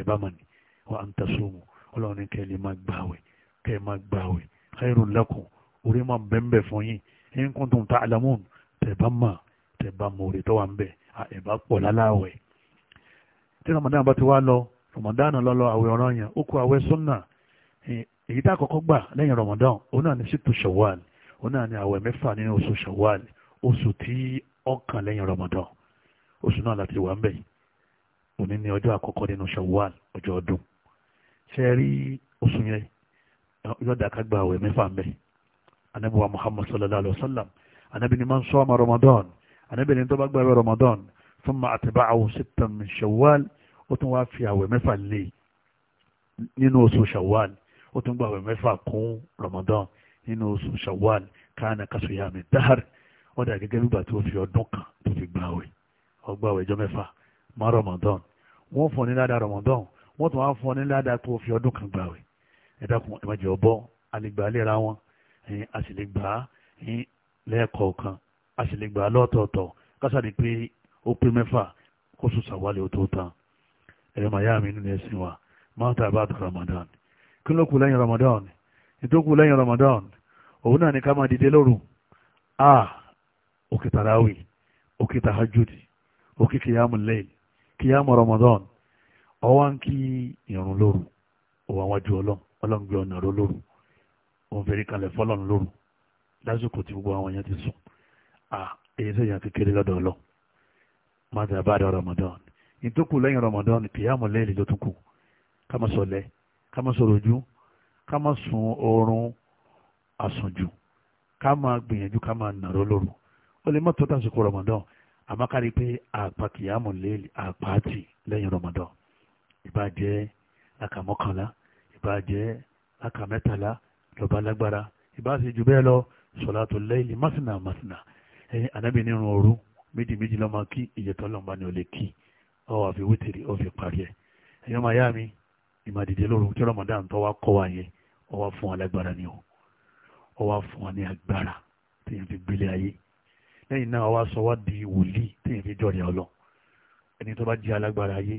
bá mà ní wa antasumu ọlọ́run kẹ́ lè máa gbàwẹ̀ kẹ́ máa gbàwẹ̀ khairun lakum orí máa bẹ́ẹ̀ tẹ̀bá mà tẹ̀bá mòrè tó wà ń bẹ̀ ẹ̀bá pọ̀ láláwẹ̀ tí ramadan bá ti wá lọ ramadan lọ́lọ́ àwẹ̀ ọ̀ràn yẹn ó kó àwẹ̀ sunna èyí tá àkọ́kọ́ gbà lẹ́yìn ramadan òun náà ni sítú shawwal òun náà ni àwẹ̀ mẹ́fà nínú oṣù shawwal oṣù tí ọkàn lẹ́yìn ramadan oṣù náà láti wà ń bẹ̀ òní ni ọjọ́ àkọ́kọ́ nínú shawwal ọjọ́ ọdún ṣe rí oṣù yẹn yọ̀dà ká gba àwẹ̀ mẹ́fà ń bẹ̀ anábíwá muhammad sallallahu alayhi wa sallam anabi ni man soma ramadan anabi ni tó bá gbààwẹ̀ ramadan thumma atba'ahu sittan min shawwal ó tún wá fi àwẹ̀ mẹ́fà lé nínú oṣù shawwal ó tún gbààwẹ̀ mẹ́fà kún ramadan nínú oṣù shawwal kana kasiyami dahr ó dà gẹ́gẹ́ bí ìgbà tó fi ọdún kan tó fi gbààwẹ̀ ó gbààwẹ̀ ọjọ́ mẹ́fà má ramadan wọ́n fún ọ ní ládàá ramadan wọ́n tún wá fún ọ ní ládàá fi ọdún kan gbààwẹ̀ ẹ̀dá kun ẹ̀mọ̀jẹ̀ ọ̀bọ àlègbàlera wọn a sì lè gbà á lẹ́ẹ̀kọ̀ọ̀kan a sì lè gbà á lọ́tọ̀ọ̀tọ̀ kásàdì pé ó pé mẹ́fà kó sùn sàwálẹ̀ ó tó tán ẹ̀rọ màyá mi nínú ẹ̀sìn wa máa tà bá tó Ramadan kí ló kù lẹ́yìn Ramadan ìtókù lẹ́yìn Ramadan òun náà ni ká máa dìde lóru a òkè tàràwì òkè tàhájúdì òkè kìyàmù lẹ́yìn kìyàmù Ramadan ọwọ́n kí ìrun lóru òwò àwọn àjò ọlọ́run ọlọ́run gbé ọ̀nà ró lóru òun fèrè kalẹ̀ fọ́lọ́run lóru lásìkò tí gbogbo àwọn èèyàn ti sùn à èyí sì yàn ti lọ́dọ̀ ọlọ́ mọ́tà bá Ramadan ìtókù lẹ́yìn Ramadan kìyàmù lẹ́yìn ló tún kù ká má sọlẹ̀ ká má sọ̀rọ̀ ojú ká má sun oorun àsùnjù ká má gbìyànjú ká má nàró lóru ó lè má tó tàsìkò Ramadan àmọ́ kárí pé àpá kìyàmù lẹ́yìn àpá àti lẹ́yìn Ramadan ìbàjẹ́ àkàmọ́kànlá ìbàjẹ́ àkàmẹ́tàlá lọ́ba lágbára ìbá sì jù sọ̀látò lẹ́yìn másìnà másìnà ẹ̀yìn ànábì nírun òru méjì méjì lọ́mọ kí ìyẹ̀tọ́ lọ́mọ ni ò lè kí ọ wà fi wítìrì ọ fi parí ẹ̀ ẹ̀yìn ọmọ ayá mi ìmàdìdì lóru tí Ramadan tó wá kọ́ wa yẹn ọ wá fún wa lágbára ni o ọ wá fún wa ní agbára téèyàn fi gbélé ayé lẹ́yìn náà ọ wá sọ wá di wòlíì téèyàn fi jọ̀rẹ̀ ọlọ́run ẹni tó bá jẹ́ alágbára ayé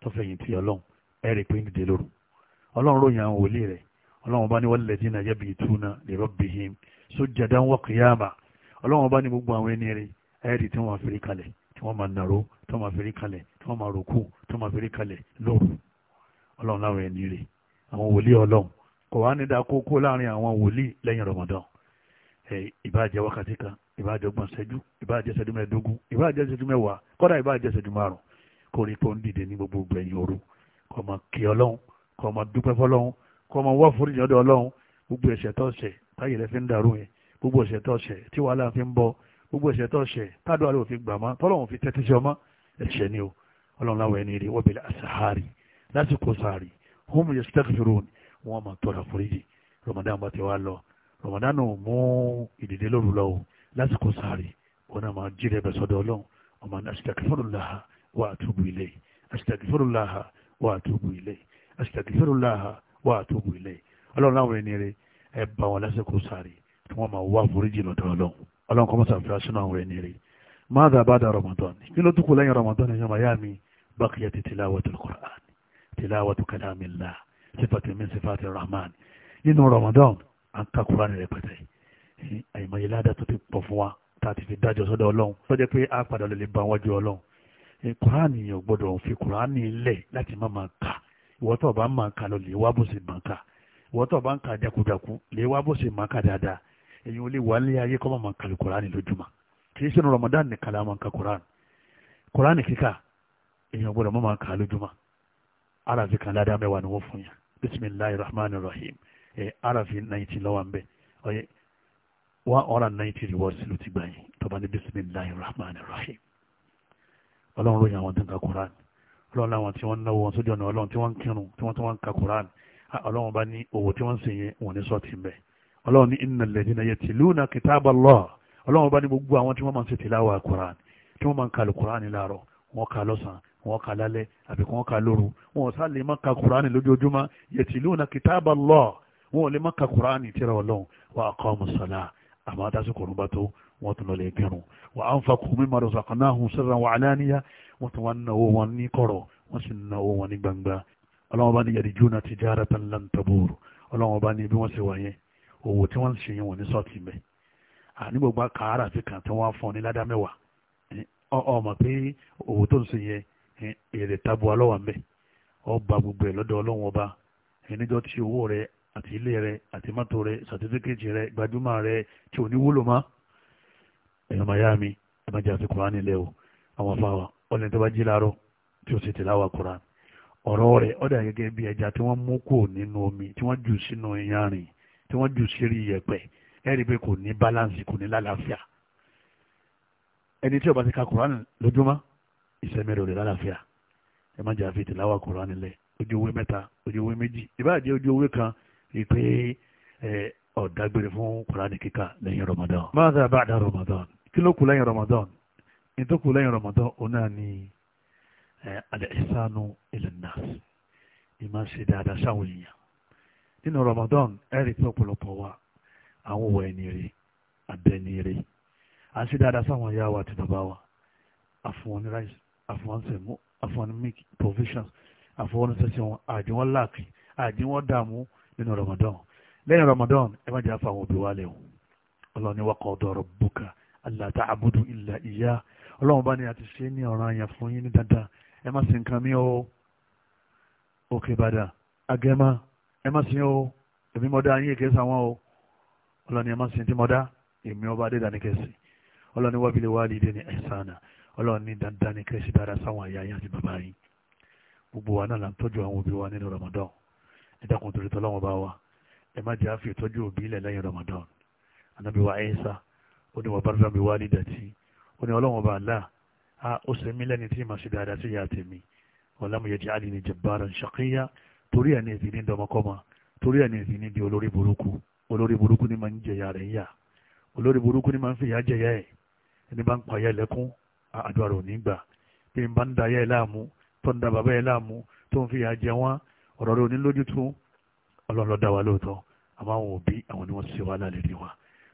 tó fẹ̀yìntì ọlọ́run ẹ̀rì pé ń dìde lóru ọlọ́run ròyìn àwọn wòlíì rẹ̀ ọlọ́run bá ní walladhina yabituna li rabbihim sujjadan wa qiyama ọlọ́run bá ní gbogbo àwọn ẹni rẹ̀ ẹ̀rì tí wọ́n máa fèrè kalẹ̀ tí wọ́n máa nàró tí wọ́n máa fèrè kalẹ̀ tí wọ́n máa ròkú tí wọ́n máa fèrè kalẹ̀ lóru ọlọ́run láwọn ẹni rẹ̀ àwọn wòlíì ọlọ́run kò wá ní da kókó láàrin àwọn wòlíì lẹ́yìn Ramadan ìbáàjẹ́ wákàtí kan ìbáàjẹ́ ọgbọ̀n ṣẹ́jú ìbáàjẹ́ ṣẹ́jú mẹ́ẹ̀ẹ́dógún ìbáàjẹ́ ṣẹ́jú mẹ́wàá kódà ìbáàjẹ́ ṣẹ́jú márùn kó rí pé ní gbogbo ìgbẹ̀yìn òru kó máa kí ọlọ́run kó máa dúpẹ́ fọlọ́run kọ́ ọmọ wá foríjì ọ̀dọ̀ ọlọ́run gbogbo ẹ̀ṣẹ̀ tó ṣẹ̀ táyé rẹ fi ń dàrú yẹn gbogbo ẹ̀ṣẹ̀ tó ṣẹ̀ tí wàhálà fi ń bọ gbogbo ẹ̀ṣẹ̀ tó ṣẹ̀ tádọ́ àlọ́ òfin gbà má tọ́lọ́run fi tẹ́tí sí ọmọ ẹ̀ṣẹ̀ ni o ọlọ́run láwọn ẹni rí wọ́bìlẹ̀ àṣàhárì lásìkò sàárì hum yastaghfirun wọn máa tọrọ foríjì Ramadan bá ti wá lọ Ramadan ò mú ìdìde lóru lọ o lásìkò sàárì wọn náà máa jíire bẹ̀ sọ́dọ̀ ọlọ́run ọmọ náà astaghfirullah wà á tóbu ilé ọlọ́run láwọn ẹni rẹ ẹ bá wọn lásìkò sáré tí wọ́n máa wá foríjì lọ́dọ̀ ọlọ́run ọlọ́run kọ́mọ́sá fi aṣọ́nà àwọn ẹni rẹ máa dà bá dà Ramadan kí ló dúkù lẹ́yìn Ramadan ẹ̀yàn màyá mi bákìyà ti tilawatul Qur'an tilawatu kalamillah sifati min sifati rahman nínú Ramadan à ń ka Qur'an rẹ pẹ̀tẹ́ àyìnbáyé ládàá tó ti pọ̀ fún wa tá a ti fi dájọ́ sọ́dọ̀ ọlọ́run tó jẹ́ pé a padà lè ba wájú ọlọ́run kùránì yẹn ò gbọ́dọ̀ fi kùránì lẹ̀ láti má máa kà wọ́tọ̀ bá ń mọ̀ ká lọ lè wá bó ṣe mọ̀ ká wọ́tọ̀ bá ń ka jakujaku lè wá bó ṣe mọ̀ dáadáa èyí ò wà nílé ayé kọ́ mọ̀ kàlù kùránì lójúmọ́ kì í Ramadan nìkan la mọ̀ ká kùránì kùránì kíkà èyí ò gbọ́dọ̀ mọ̀ mọ̀ ká lójúmọ́ arafi kan ládàá mẹ́wàá ni wọ́n fún yà bisimilahi rahman rahim ẹ arafi ninety lọ́wọ́ ń bẹ ọyẹ one hundred ninety rewards ló ti gbà yín tọ́ba ní bisimilahi rahman rahim ọlọ́run ló yàn àwọn tó ń ka kùránì lọ́nà àwọn tí wọ́n náwó wọn sójú ọ̀nà ọlọ́run tí wọ́n ń kírun tí wọ́n tí wọ́n ń ka Quran ọlọ́run bá ní owó tí wọ́n ń sèyẹ wọn ní sọ́ọ̀tì ń bẹ̀ ọlọ́run ní innal ladhina yatluna kitaballah ọlọ́run bá ní gbogbo àwọn tí wọ́n máa ń ṣe tìláwà Quran tí wọ́n máa ń kalu Quran láàárọ̀ wọ́n ka lọ́sàn wọ́n ka lálẹ́ àbí wọ́n ka lóru wọn sá lè má ka Quran lójoojúmọ́ yatluna kitaballah wọn ò lè má ka Quran tírà ọlọ́run wa aqamu salah àmọ́ adásùkò wọ́n tún lọ lè gẹrun wà á ń fa kùmí màdùn sàkànáhùn sirra wà aláníyá wọ́n tún wá ń náwó wọn ní kọ̀rọ̀ wọ́n sì ń náwó wọn ní gbangba ọlọ́wọ́n bá owó tí wọ́n ń ṣe yẹn wọ́n ní sọ́ọ̀tì mẹ́ ànígbàgbà kàárà fi kàn tí wọ́n fọ́n ní ládàá ọmọ pé owó tó ń ṣe yẹn èrè tabuwa lọ́wọ́ mẹ́ ọba gbogbo ẹ̀ lọ́dọ̀ ọlọ́wọ́n ọba ẹnìjọ́ tí owó rẹ àti ilé rẹ àti mọ́tò rẹ sàtífíkẹ́tì rẹ gbajúmọ̀ rẹ tí ò ní wúlò máa ẹ̀yàn miami ẹ̀ má jẹ́ àfi kùránì lẹ́ o àwọn afáwà ọ̀nà tó bá jí láàárọ̀ tí ó sì ti láwà kùránì ọ̀rọ̀ rẹ̀ ọ̀dà gẹ́gẹ́ bí ẹja tí wọ́n mú kò nínú omi tí wọ́n jù sínú iyanrìn tí wọ́n jù sírí yẹ̀pẹ̀ ẹ rí i pé kò ní balance kò ní lálàáfíà ẹni tí ó ti ka kùránì lójúmọ́ ìsẹ̀mí rẹ̀ ò lè lálàáfíà ẹ má jẹ́ àfi tìláwà kùránì ojú owó mẹ́ta ojú owó Ramadan. máa ń Ramadan kí ló kù lẹ́yìn Ramadan ìtòkù lẹ́yìn Ramadan òun náà ni al-ihsanu ila an-nas ìmá ṣe dáadáa sáwọn èèyàn nínú Ramadan ẹ̀rí pé ọ̀pọ̀lọpọ̀ wa àwọn òwò ẹni rí abẹ́ni rí à ń ṣe dáadáa sáwọn ìyá wa àti bàbá wa àfọwọ́n ní rice àfọwọ́n sẹ̀mú àfọwọ́n ní milk provisions àfọwọ́n sẹ́sẹ̀ wọn àdínwọ́n láàkì àdínwọ́n dààmú nínú Ramadan lẹ́yìn Ramadan ẹ má jẹ́ àfọwọ́n òbí wa lẹ́wọ̀n ọlọ́ni wa qada rabbuka Allah ta'abudu illa iya ọlọ́run bá ní àti ṣe ní ọ̀ràn àyàn fún yín ní dandan ẹ má sin nǹkan mi o òkè ìbàdàn agẹ́mà ẹ má sin o èmi mọ́dá yín èké sáwọn o ọlọ́ni ẹ má sin tí mọ́dá èmi ọba adédani kẹsì ọlọ́ni wábìlẹ̀ wà lídé ní ẹ̀sánà ọlọ́ni dandan ní kẹsì dára sáwọn àyà yín àti bàbá yín gbogbo wa náà là ń tọ́jú àwọn òbí wa nínú Ramadan ẹ dákun torí tọ́lọ́wọ́n bá wa ẹ má jẹ́ àfi ìtọ́jú òbí ilẹ̀ lẹ́yìn Ramadan anábìwá ẹ̀yìn sáà ó ní wọ́n bá rúdà mi wá nídà tí ó ní ọlọ́wọ́n bá là á ó ṣe mí lẹ́ni tí màá ṣe dáadáa sí ìyá tèmi wọ́n lámú yẹn jẹ́ àlè ní jabbaran shaqiyya torí ẹ̀ ní èsì ní dọmọkọ́mọ torí ẹ̀ ní èsì ní di olórí burúkú olórí burúkú ni máa ń jẹ̀yà rẹ̀ yà olórí burúkú ni máa ń fi ìyá jẹ̀yà ẹ̀ ẹni bá ń pa ayé lẹ́kún àdúrà rò nígbà bí n bá ń da ayé láàmú tó ń da bàbá ẹ̀ láàmú tó ń fi ìyá jẹ wọn ọ̀rọ̀ rẹ̀ onílójútùú ọlọ́run ló dá wa lóòótọ́ àmọ́ àwọn òbí àwọn ni wọ́n ti ṣe wàhálà lè rí wa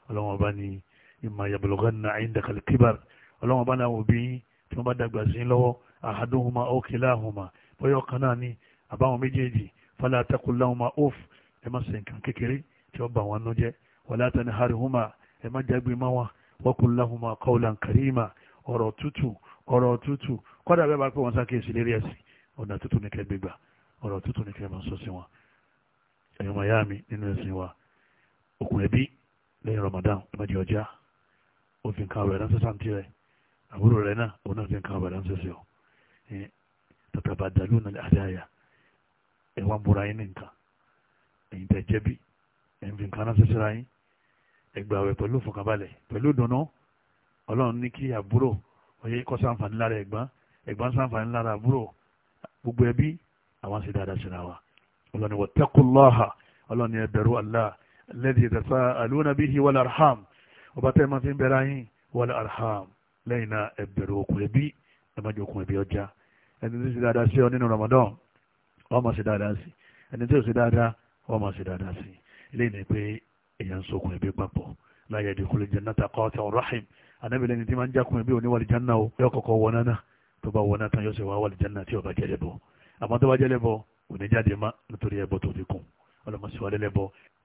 ọlọ́run ọba ni imma yablughanna indaka al-kibar ọlọ́wọ́n bá náà òbí tí wọ́n bá dàgbà sí lọ́wọ́ ahaduhuma aw kilahuma bóyá ọ̀kan náà ni àbáwọn méjèèjì fala taqul lahuma uff ẹ má ṣe nǹkan kékeré tí ó bà wọn nú jẹ́ wala tanharhuma ẹ má jágbe mọ́ wọn wa qul lahuma qawlan karima ọ̀rọ̀ tútù ọ̀rọ̀ tútù kọ́dà bẹ́ẹ̀ bá pé wọ́n sáké ìsìlérí ẹ̀sìn ọ̀nà lẹ́yìn Ramadan ẹ má jẹ́ ọjà ó fi nǹkan àwẹ̀ ránṣẹ́ sáǹtì rẹ̀ àbúrò rẹ̀ náà òun náà fi nǹkan àwẹ̀ ránṣẹ́ sí ọ tàtàbà dàlú náà àdáyà ẹ̀wọ̀n búra yín ní nǹkan ẹ̀yin tẹ̀ jẹ́bi ẹ̀yin fi nǹkan ránṣẹ́ síra yín ẹgbà àwẹ̀ pẹ̀lú fọkànbalẹ̀ pẹ̀lú dùnú ọlọ́run ní kí àbúrò ọyẹ kọ́ sáǹfààní lára ẹ̀gbọ́n ẹ̀gbọ́n sáǹfààní lára àbúrò gbogbo ẹbí àwọn sì dáadáa síra wa ọlọ́run wọ̀ tẹ́kùlọ́hà ọlọ́run ẹ bẹ̀rù Allah alladhi tasa'aluna bihi wal arham ọba tẹ́ ma fi ń bẹ̀rẹ̀ ayín wọlé arham lẹ́yìn náà ẹ bẹ̀rẹ̀ okùn ẹbí ẹ má jẹ okùn ẹbí ọjà ẹni tí ó sì dáadáa sí ọ nínú Ramadan ọ ma ṣe dáadáa sí ẹni tí ó sì dáadáa ọ ma ṣe dáadáa sí ilé ìní pé èèyàn ń sokùn ẹbí papọ̀ láyé ìdíkùlé jannata qati rahim anábìlẹ̀ ni tí máa ń jákun ẹbí òní wàlì janna o yọ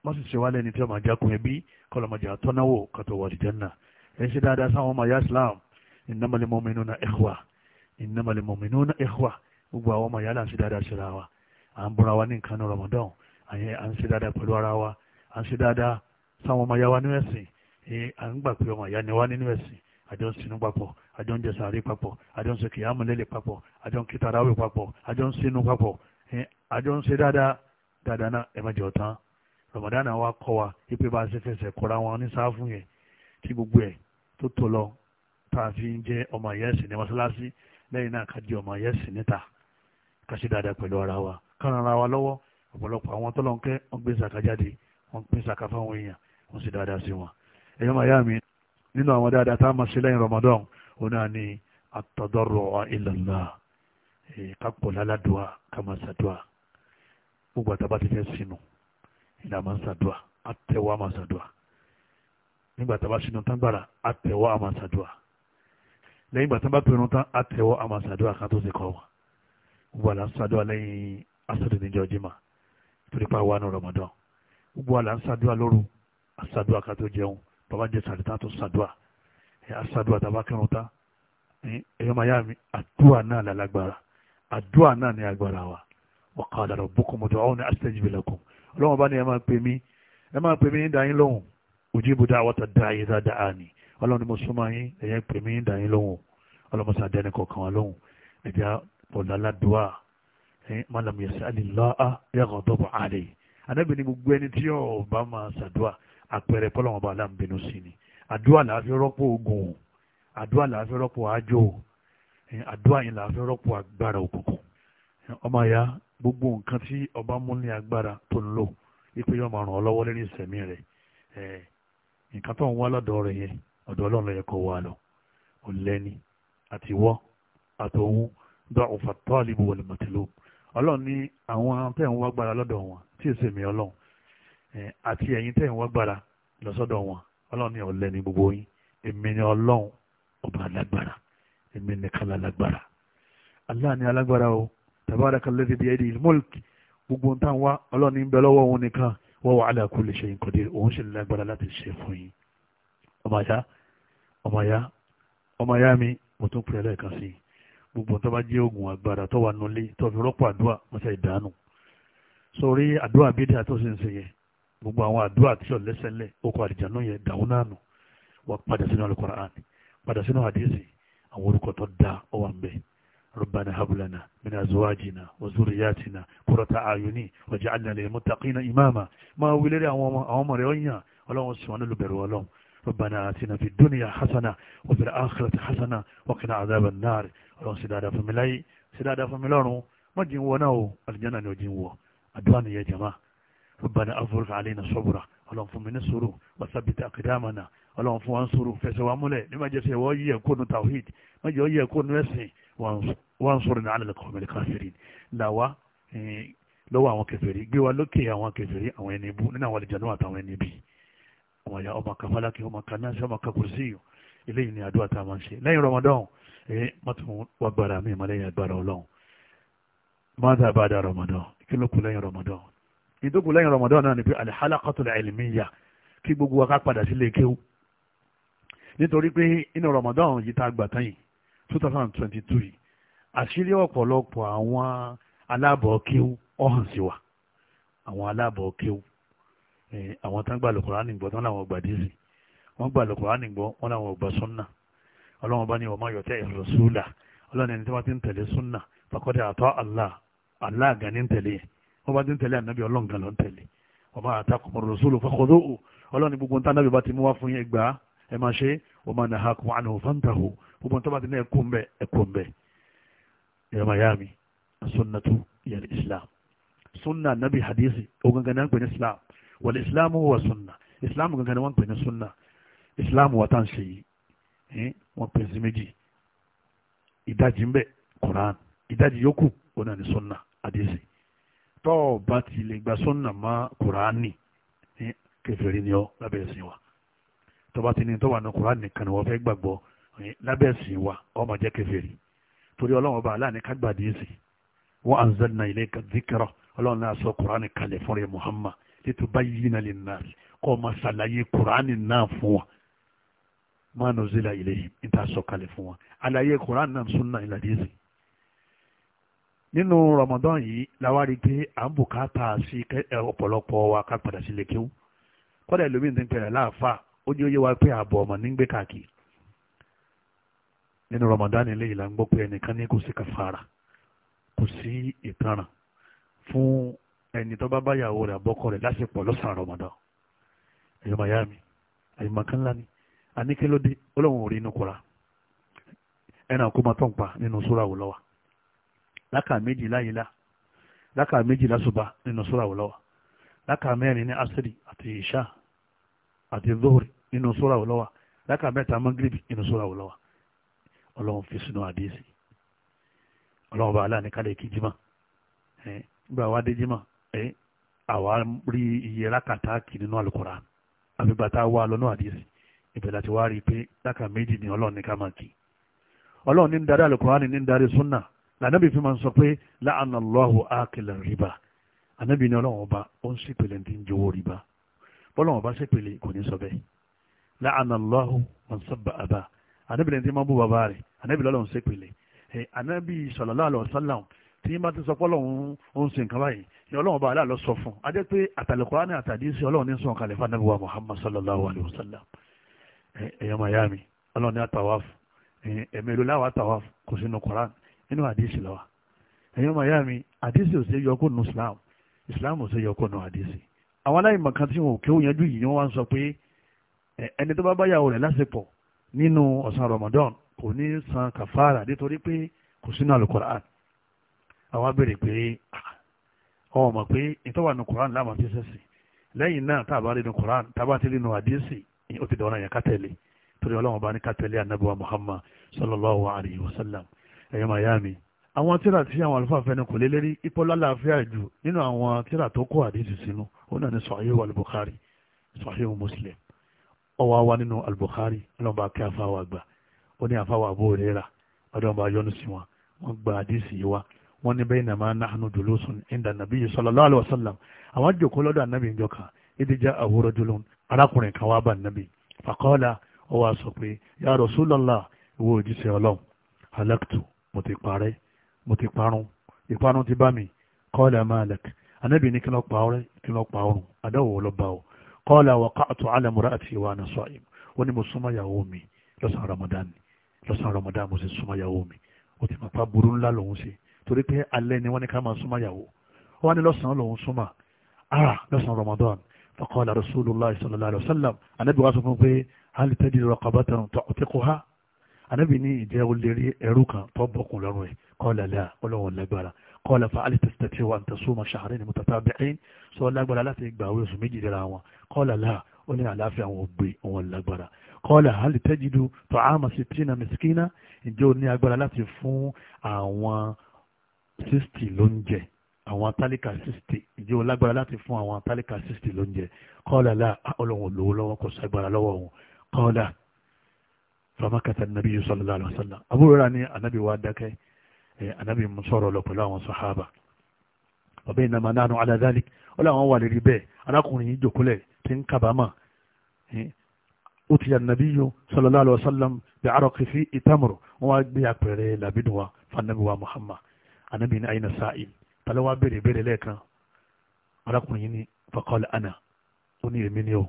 má sì ṣe wá lẹ́ni tí ó máa jákun ẹbí kọlọmọjà tọ́náwó kàtó wà lìjánná ẹ ṣe dáadáa sáwọn ọmọ ya islam innamal mu'minuna ikhwa innamal mu'minuna ikhwa gbogbo àwọn ọmọ ya là ń ṣe dáadáa ṣe ra wa à ń búra wa ní nǹkan ní ramadan à ń ṣe dáadáa pẹ̀lú ara wa à ń ṣe dáadáa sáwọn ọmọ ya wa nínú ẹ̀sìn à ń gbà pé ọmọ ya ni wa nínú ẹ̀sìn àjọ ń sinú papọ̀ àjọ ń jẹ sàárì papọ̀ àjọ ń ṣe kìyàmù lélẹ̀ papọ̀ àjọ ń kíta aráwẹ̀ papọ̀ àjọ ń sinú papọ̀ àjọ ń ṣe dáadáa dáadáa náà ẹ má jẹ́ ọ̀tán Ramadan wa kọ́ wa ipe bá a ṣe fẹsẹ̀ kọ́ra wọn ní sáfù yẹn tí gbogbo ẹ̀ tó tó lọ tá a fi ń jẹ́ ọmọ yẹ́sìn ní mọ́ṣáláṣí lẹ́yìn náà ká di ọmọ yẹ́sìn níta ká ṣe dáadáa pẹ̀lú ara wa ká ran ara wa lọ́wọ́ ọ̀pọ̀lọpọ̀ àwọn tọ́lọ̀ ń kẹ́ wọ́n gbé sàkà jáde wọ́n pín sàkà fáwọn èèyàn wọ́n sì dáadáa sí wọn. ẹ̀yọ́ màá yá mi nínú àwọn dáadáa tá a máa ṣe lẹ́yìn Ramadan òun náà ni àtọ̀dọ́rọ̀ ìlànà kápọ̀ láládùá ká máa ṣàdùá gbogbo àtàbà sínú ìlà máa ń ṣàdúà àtẹ̀wá máa ṣàdúà nígbà tá a bá ṣinú tán gbàrà àtẹ̀wá máa ṣàdúà lẹ́yìn ìgbà tí wọ́n bá pinnu tán àtẹ̀wọ́ àmà sàdúrà kan tó ti kọ́ wọn gbogbo àlà ń sàdúrà lẹ́yìn asàdù níjọ jimá torí pa wà ní Ramadan gbogbo àlà ń sàdúrà lóru àsàdúrà kan tó jẹun bàbá jẹ sàdúrà tó sàdúrà àsàdúrà tàbá kírun tán ẹ̀yọ́ máa yá mi àdúrà náà lálágbára àdúrà náà ní agbára wa wa qala rabbukum ud'uni astajib lakum ọlọ́run bá ní ẹ máa pè mí ẹ máa pè mí ní dàáyín lóhùn òjìbù dá àwọn tàdá ayé dáadáa àní ọlọ́run ni mo súnmọ́ yín ẹ̀yẹ́ pè mí ní dàáyín lóhùn ọlọ́run sá dẹ́ni kọ̀ọ̀kan wọn lóhùn ẹ̀dá bọ̀dá ládùúà mọ́làmù yẹsẹ̀ alìláà yàgò dọ́bọ̀ àlè anábì ni gbogbo ẹni tí yóò máa ṣàdúà àpẹẹrẹ pọ́lọ́wọ́n bá aláǹbẹ̀nu sí ni la fi rọ́pò ogun la fi rọ́pò àjò àdúà yẹn la fi ọmọ àyà gbogbo nǹkan tí ọba mú ní agbára tó ń lò ipe yóò máa ràn ọ́ lọ́wọ́ lórí ìsẹ̀mí rẹ̀ nǹkan tó ń wá lọ́dọ̀ rẹ̀ yẹn ọ̀dọ̀ ọlọ́run ló yẹ kó wá lọ ọ̀lẹ́ni àtiwọ́ àtòhún da'ufa at-talib wal-matlub ọlọ́run ní àwọn tẹ̀ ń wá gbára lọ́dọ̀ wọn tí èsì mi ọlọ́run àti ẹ̀yin tẹ̀ ń wá gbára lọ́sọ́dọ̀ wọn ọlọ́run ní ọ̀lẹ́ni gbogbo yín èmi ni ọlọ́run ọba alágbára èmi nìkan lálágbára Allah ni alágbára o tabaraka alladhi biyadihi al-mulk gbogbo nǹkan wa ọlọ́run ní ń bẹ lọ́wọ́ òun nìkan wa huwa ala kulli shay'in qadir òun sì lágbára láti ṣe fún yín ọmọ ya ọmọ ya ọmọ ya mi mo tún pè é lẹ́ẹ̀kan sí i gbogbo tó bá jẹ́ oògùn agbára tó wà nulẹ̀ tó fi rọ́pò àdúrà wọ́n ṣe ìdánù sórí àdúrà bíi díà tó sì ń ṣe yẹn gbogbo àwọn àdúrà tí yóò lẹ́sẹ̀ lẹ̀ okò àdìjànú yẹn dàún náà nù wọ́n padà sínú Al-Qur'an padà sínú hadisi àwọn orúkọ tó dáa ó wà ń bẹ́ẹ̀ ربنا هب لنا من أزواجنا وذرياتنا كرة أعين وجعلنا للمتقين إماما ما ولد أوام ريونيا ولو سوانا لبر ولوم ربنا آتنا في الدنيا حسنة وفي الآخرة حسنة وقنا عذاب النار ولو سدادا فملاي سدادا فملانو ما جنوناو الجنة نجنو أدوان يا جماعة ربنا أفرغ علينا صبرا ولو فمن السرور وثبت أقدامنا ولو فمن سرور فسوامله لما جسي ويكون توحيد ما جسي ويكون نسي wansurna ala alqawmil kafirin làwa lọ́wọ́ àwọn kèfèrí gbé wa lókè àwọn kèfèrí àwọn ẹni bú nínú àwọn àlìjànú àtàwọn ẹni bí àwọn ìyá ọmọ kafalaki ọmọ kanáṣẹ́ ọmọ kakùsíyù eléyìí ni àdúrà tá a máa ń ṣe lẹ́yìn ramadan ẹ mọ́tún wá gbára mi ìmọ̀ lẹ́yìn agbára ọlọ́run mọ́tà bá da ramadan kí ló kù lẹ́yìn ramadan ìdókù lẹ́yìn ramadan náà ni pé al-halaqatul ilmiyya kí gbogbo wa ká padà sílé kéwù nítorí pé inú ramadan yìí tá a gbà tán yìí 2023, àṣírí ọ̀pọ̀lọpọ̀ àwọn aláàbọ̀ọ́kéwú ọ̀hàn sí wa àwọn aláàbọ̀ọ́kéwú àwọn tán gbà lùkùránì gbọ́ tán làwọn gbàdísì wọ́n gbà lùkùránì gbọ́ wọ́n làwọn gbà súnà ọlọ́run bá ní ọmọ yọ̀tẹ́ ìrọ̀súlà ọlọ́run ẹni tí wọ́n ti ń tẹ̀lé súnà fàkọ́dẹ̀ àtọ́ Allah Allah gan ní ń tẹ̀lé yẹn e. wọ́n bá ti ń tẹ̀lé ànábì ọlọ́run gan ló ẹ máa ṣe wọ́n máa nàá kó àná fáńtàhù gbogbo tó bá ti ní ẹ̀kọ́ mbẹ́ ẹ̀kọ́ mbẹ́ ẹ̀rọ mayami sunnatu yẹn islam sunna nabi hadisi o gangan náà ń pè ní islam wal islam wa sunna islam gangan náà wọ́n ń pè ní sunna islam wa tán ṣe yìí wọ́n pè sí méjì ìdajì ń bẹ quran ìdajì yòókù ó náà ní sunna hadisi tọ́ọ̀ bá ti lè gba sunna má quran ni kèfèrí ni ọ lábẹ́ ẹ̀sìn wa tó bá ti nukura nìkan ni wọ́n fẹ́ gbàgbọ́ lábẹ́ ẹ̀sìn wa ọmọ jẹ́ kèfèrí torí ọlọ́run ọba aláàní ká gbàdí ẹ̀sìn wa anzalna ilayka dhikra ọlọ́run náà sọ Kùránì kalẹ̀ fún rẹ̀ Muhammad litubayyina linnas kọ́ ọmọ ṣàlàyé Kùránì náà fún wa ma nuzila ilayhim níta sọ kalẹ̀ fún wa àlàyé Kùránì náà sunna ìlàdí ẹ̀sìn nínú Ramadan yìí làwárí pé à ń bùkátà sí ọ̀pọ̀lọpọ̀ wa ká padà sílé kéwú kọ́dà ìlú mi ti láàfáà ó jẹ́ òye wa pé ààbọ̀ ọmọ nígbè káàkiri nínú Ramadan ilé ìlà ń gbọ́ pé ẹnìkan ní kò sí kàfàrà kò sí ìtanràn fún ẹni tó bá báyàwó rẹ̀ àbọ́kọ rẹ̀ lásìpọ̀ lọ́sàn-án Ramadan ẹ̀yọ́ miami àyùmọ̀kan ńlá ni àníkélódé ọlọ́run ò inú kura ẹnà kó máa tọ̀npa nínú sóra la ka láka méjì láyìlá láka méjì lásùbà nínú sóra la ka láka mẹ́rin ní asiri àti ìṣá àti zohori nínú sóra òlọ́wà láka mẹ́ta mọ́gírìbì nínú sóra òlọ́wà ọlọ́run fi sínú àdéhìsì ọlọ́run bá aláàánú kálẹ̀ kí jimá nígbà wá dé jimá àwa rí iye lákàtà kì nínú àlùkòrá àbígbà tá a wá lọ́nà àdéhìsì ìbẹ̀rẹ̀ rí pé láka méjì ni ọlọ́run ní ká máa kì ọlọ́run ní ń darí àlùkòrá ní ń darí súnà lànàbì fi máa ń sọ pé láàánú lọ́hùn ákìlẹ̀ rìbá ànàbì ní ọlọ́run ọba ó ń ṣèpèlè ní ń rìbá bọ́lọ́run ọba ṣèpèlè kò ní sọ bẹ́ẹ̀ láàánà lọ́hùn ọ̀sọ́bà àbá ànábì lẹ́ni tí máa bú bàbá rẹ̀ ànábì lọ́lọ́run ṣe pèlè ànábì sallallahu alaihi wasallam tí máa ti sọ pé ọlọ́run ó ń ṣe nǹkan báyìí ni ọlọ́run bá aláà lọ sọ fún adé pé àtàlùkùránì àtàdísí ọlọ́run ní sọ̀rọ̀ kalẹ̀ fún wa Muhammad sallallahu alaihi wasallam ẹ̀yọ́ mayami ọlọ́run ní àtàwáf ẹ̀mí ìlú láwàá àtàwáf kò sínú Kùránì nínú àdísì lọ́wọ́ ẹ̀yọ́ mayami àdísì ò sí yọ kó nu Islam Islam ò sí yọ kó nu àdísì àwọn aláìmọ̀kan tí wọn ò kéwòyànjú yìí ni wọ́n wá ń sọ pé ẹni tó bá bá yàwó rẹ̀ lásìpọ̀ nínú ọ̀sán Ramadan kò ní san kàfàrà nítorí pé kò sínú alukoran àwọn abèrè pé ọmọ ah, mọ̀ pé ìtọ́wà nu koran láwọn ti sẹ́sì lẹ́yìn náà tá a bá rí nu koran tá ti rí nu àdíyèsí ó ti dọ̀rọ̀ yẹn ká torí ọlọ́run bá ní ká anábíwá Muhammad sallallahu alayhi wa sallam ẹ̀yọ́ mayami àwọn tíra tí àwọn àlùfáà fẹ́ni kò lé lérí ipọ́lá láàfíà jù nínú àwọn tíra tó kó àdíyèsí sínú ó náà ní sọ̀híhù al-Bukhari sọ̀híhù Muslim ọwọ́ wa nínú al-Bukhari ọlọ́mọba kí afáwà àgbà ó ní afáwà Abu Hurairah ọlọ́mọba yọ́nú sí wọn wọ́n gba àdísì yìí wá wọ́n ní baynama nahnu julusun inda nabiyyi sallallahu alaihi wasallam àwọn jòkó lọ́dọ̀ ànábì ń jọkàn idh ja'ahu rajulun arákùnrin kan wá bá ànábì faqala ó wá pé ya Rasulallah ìwọ òjíṣẹ́ ọlọ́run halaktu mo kọ́lá waqa'tu ala mura'ati wa ana sa'im ó ní mo súnmọ́ ìyàwó mi lọ́sàn-án Ramadan lọ́sàn-án Ramadan mo sì súnmọ́ ìyàwó mi ó ti máa pa burú ńlá lòun ṣe torí pé alẹ́ ni wọ́n ní ká máa súnmọ́ ìyàwó ó wá ní lọ́sàn-án lòun súnmọ́ ara ah, lọ́sàn-án Ramadan faqala rasulullah sallallahu alayhi wa sallam anabi wa sọ fún pé hali tẹ́jú raqabatan tu'tiquha anabi ní ìjẹ́ olè ẹrú kan tó bọ̀kùn lọ́rùn ẹ̀ kọ́lá lẹ́à kọ́lẹ̀ fa alítẹ̀sítẹ̀tì wa ntẹ̀sùn ma ṣàárẹ̀ ni mutatabi'in sọ lágbára láti gbà àwọn oṣù méjì dira wọn kọ́lẹ̀ láà ó ní àlàáfíà wọn gbé wọn lágbára kọ́lẹ̀ hali tẹ́jìdú ta'ama sitina miskina ǹjẹ́ ó ní agbára láti fún àwọn sixty lóúnjẹ àwọn tálíkà sixty ǹjẹ́ ó lágbára láti fún àwọn tálíkà sixty lóúnjẹ kọ́lẹ̀ láà ọlọ́run lówó lọ́wọ́ kò ságbára lọ́wọ́ wọn kọ́lẹ̀ famakata nabi sallallahu alaihi wasallam àbúrò rà ní anabi wa dákẹ́ anabi mu sọ̀rọ̀ lọ pẹ̀lú àwọn sahaba ọ̀bẹ́ iná máa nánú aládàálì ó láwọn wà lérí bẹ́ẹ̀ arákùnrin yìí jòkólẹ̀ tí ń kábàámà ó ti ànàbí yó sallallahu alaihi wasallam bí arọ́kì fi ìtàmùrù wọ́n wá gbé àpẹẹrẹ làbínú wa muhammad anabi ní àyínà sáì tàlẹ́ wá béèrè béèrè lẹ́ẹ̀kan arákùnrin yìí ní faqala ana ó ní èmi ni ó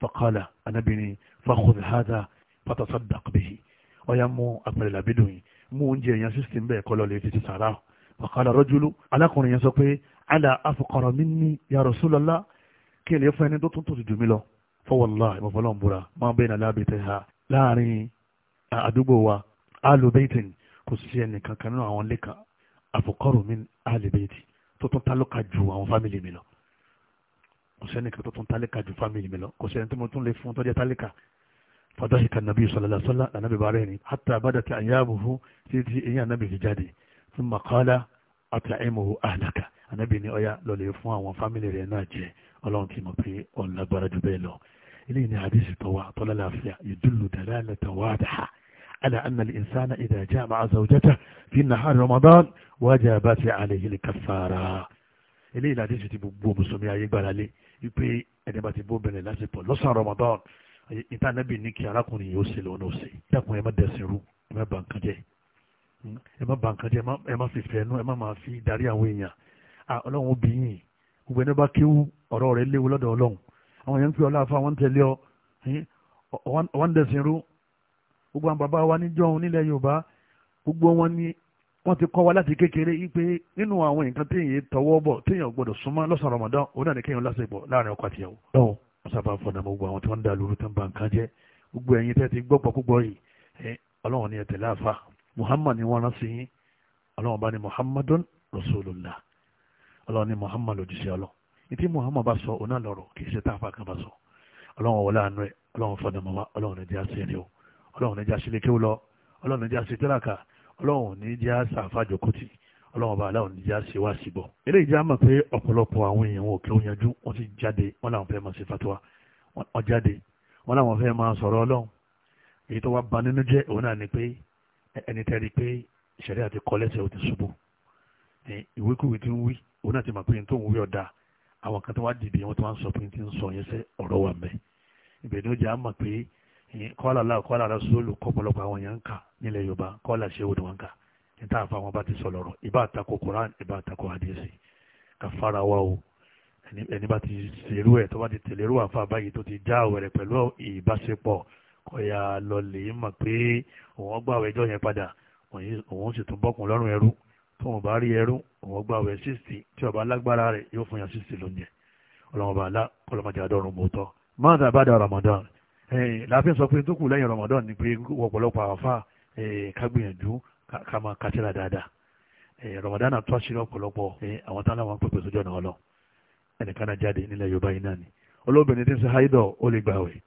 faqala anabi ní fakhudh hadha fatasaddaq bihi ó yá yìí mú oúnjẹ èèyàn sísè ń bẹ́ẹ̀ kọ́lọ́ lè fi ti sàrà ọ̀kadà rọ́júlú alákùnrin yẹn sọ pé àlà afọkọ̀rọ̀ mi ní ya Rasulullah kí ilé fún ẹni tó tún tòṣì jù mí lọ fọwọ́lá ìmọ̀fọ́lọ́ búra máa bẹ́ẹ̀ nàlẹ́ àbẹ̀tẹ̀ ha láàrin àdúgbò wa alubeitin kò sí ẹnì kankan nínú àwọn lẹ́ka afọkọ̀rọ̀ mi alubeiti tó tún tálọ́ka ju àwọn fámìlì mi lọ kò sẹ́ni kan tó tún tálẹ́ka ju fámìlì mi lọ kò sẹ́ni tó tún lè fún tọ́jà tálẹ́ka fàdáhìkà nàbí sallallahu alaihi wasallam ànábì bá rẹ̀ ni hatta badati àyàbùhù títí eyín ànábì fi jáde fún màkàlá at'imuhu ahlaka ànábì ní ọ̀yà lọ́lẹ̀ fún àwọn fámìlì rẹ̀ náà jẹ ọlọ́run ti mọ̀ pé ọ̀làgbára jù bẹ́ẹ̀ lọ eléyìí ni hadisi tó wà tọ́lá láàfíà yadullu dalalatan wadiha على أن الإنسان إذا جامع زوجته في نهار رمضان وجبت عليه الكفارة eléyìí la dé ti ti gbogbo mùsùlùmí ayé gbára lé wípé ẹni bá ti bóbìnrin lásìkò lọ́sàn-án Ramadan ìtànàbì ní kí arákùnrin yóò ṣe lọ́nà òsè dákun ẹ má dẹ̀sìn rú ẹ má bà nǹkan jẹ́ ẹ má bà nǹkan jẹ́ ẹ má fi fẹ́ẹ́ nú ẹ má máa fi darí àwọn èèyàn ọlọ́run obìnrin gbogbo ẹni bá kéwú ọ̀rọ̀ rẹ léwu lọ́dọ̀ ọlọ́run àwọn èèyàn ń pè ọ́ láàfà wọ́n ń tẹ̀lé ọ wọ́n ń dẹ̀sìn rú gbogbo àwọn bàbá wa níjọ́hun nílẹ̀ yorùbá gbogbo wọn ni wọ́n ti kọ́ wa láti kékeré wípé nínú àwọn nǹkan téèyàn tọwọ́ bọ̀ téèyàn gbọ́dọ̀ súnmọ́ lọ́sàn-án ramadan òun náà ni kéèyàn lásìkò láàrin ọkọ àtìyàwó sábà fọ̀nà gbogbo àwọn tí wọ́n ń da lóru tó ń ba nǹkan jẹ́ gbogbo ẹ̀yin tẹ́ ti gbọ́pọ̀ púpọ̀ yìí ọlọ́run ni ẹ tẹ̀lé àfa muhammad ni wọ́n rán sí yín ọlọ́run bá ní muhammadun rasulullah ọlọ́run ní muhammad òjíṣẹ́ ọlọ́run ìtí muhammad bá sọ ọ̀nà lọ́rọ̀ kì í ṣe táàfà kan bá sọ ọlọ́run wọlé àánú ẹ ọlọ́run fọdà mọ́wá ọlọ́run ẹ̀jẹ̀ àṣẹ rẹ o ọlọ́run ẹ̀jẹ̀ àṣẹ lékè lọ ọlọ́run ẹ̀jẹ̀ àṣẹ tẹ́làkà ọlọ́run ní jẹ́ àṣà àfàjọkọ́tì ọlọ́run ọba aláwọ̀ níjà ṣe wá síbọ̀ eléyìí já mọ̀ pé ọ̀pọ̀lọpọ̀ àwọn èèyàn wọn ò kí ó yanjú wọ́n ti jáde wọ́n làwọn fẹ́ máa ṣe fatuwa wọ́n jáde wọ́n làwọn fẹ́ máa sọ̀rọ̀ ọlọ́run èyí tó wá ba nínú jẹ́ òun náà ni pé ẹni tẹ́rí pé ìṣẹ̀lẹ̀ àti kọ́lẹ́sẹ̀ ò ti ṣubú ìwékúwé tí ń wí òun náà ti mọ̀ pé ní tóun wí ọ̀dà àwọn kan tó wá dìde wọn tó wá ń sọ pé ní ti ń sọ yẹn sẹ́ ọ̀rọ̀ wà mẹ́ ìbẹ̀ ni ó jẹ́ àmọ̀ pé kọ́lá kọ́lá rasúlù kọ́pọ̀lọpọ̀ àwọn èèyàn ń kà nílẹ̀ Yorùbá kọ́lá ṣe òdùwọ̀n kà níta àfàwọn bá ti sọ lọ́rọ̀ ìbá àtakò Quran ìbá àtakò hadisi kàfàrà wa o ẹni bá ti ṣerú ẹ̀ tó bá ti tẹ̀lérú àfa báyìí tó ti já àwẹ̀rẹ̀ pẹ̀lú ìbáṣepọ̀ kọ̀yà lọ́lẹ̀ mọ̀ pé òun gbà wẹ̀ ẹjọ́ yẹn padà òun sì tún bọ́kùn lọ́rùn ẹrú tó wọn bá rí ẹrú òun gbà wẹ̀ sixty tí ọba lágbára rẹ̀ yóò fún yàn sixty lóúnjẹ ọlọ́mọba alá kọlọ́mọdé àdọ́rùn mọ́tọ́ mọ́tà àbádà Ramadan láàfin sọ pé tó kù lẹ́yìn Ramadan ni pé ọ̀pọ̀lọpọ̀ àfa kágbìyànjú kama máa kásíra dáadáa Ramadan tó àṣírí ọ̀pọ̀lọpọ̀ àwọn táwọn àwọn pèpè sójú ọ̀nà ọlọ ẹnìkan náà jáde nílẹ̀ Yorùbá yìí náà ni olóbìnrin tí ń ṣe haidọ̀ ó lè gbà wẹ̀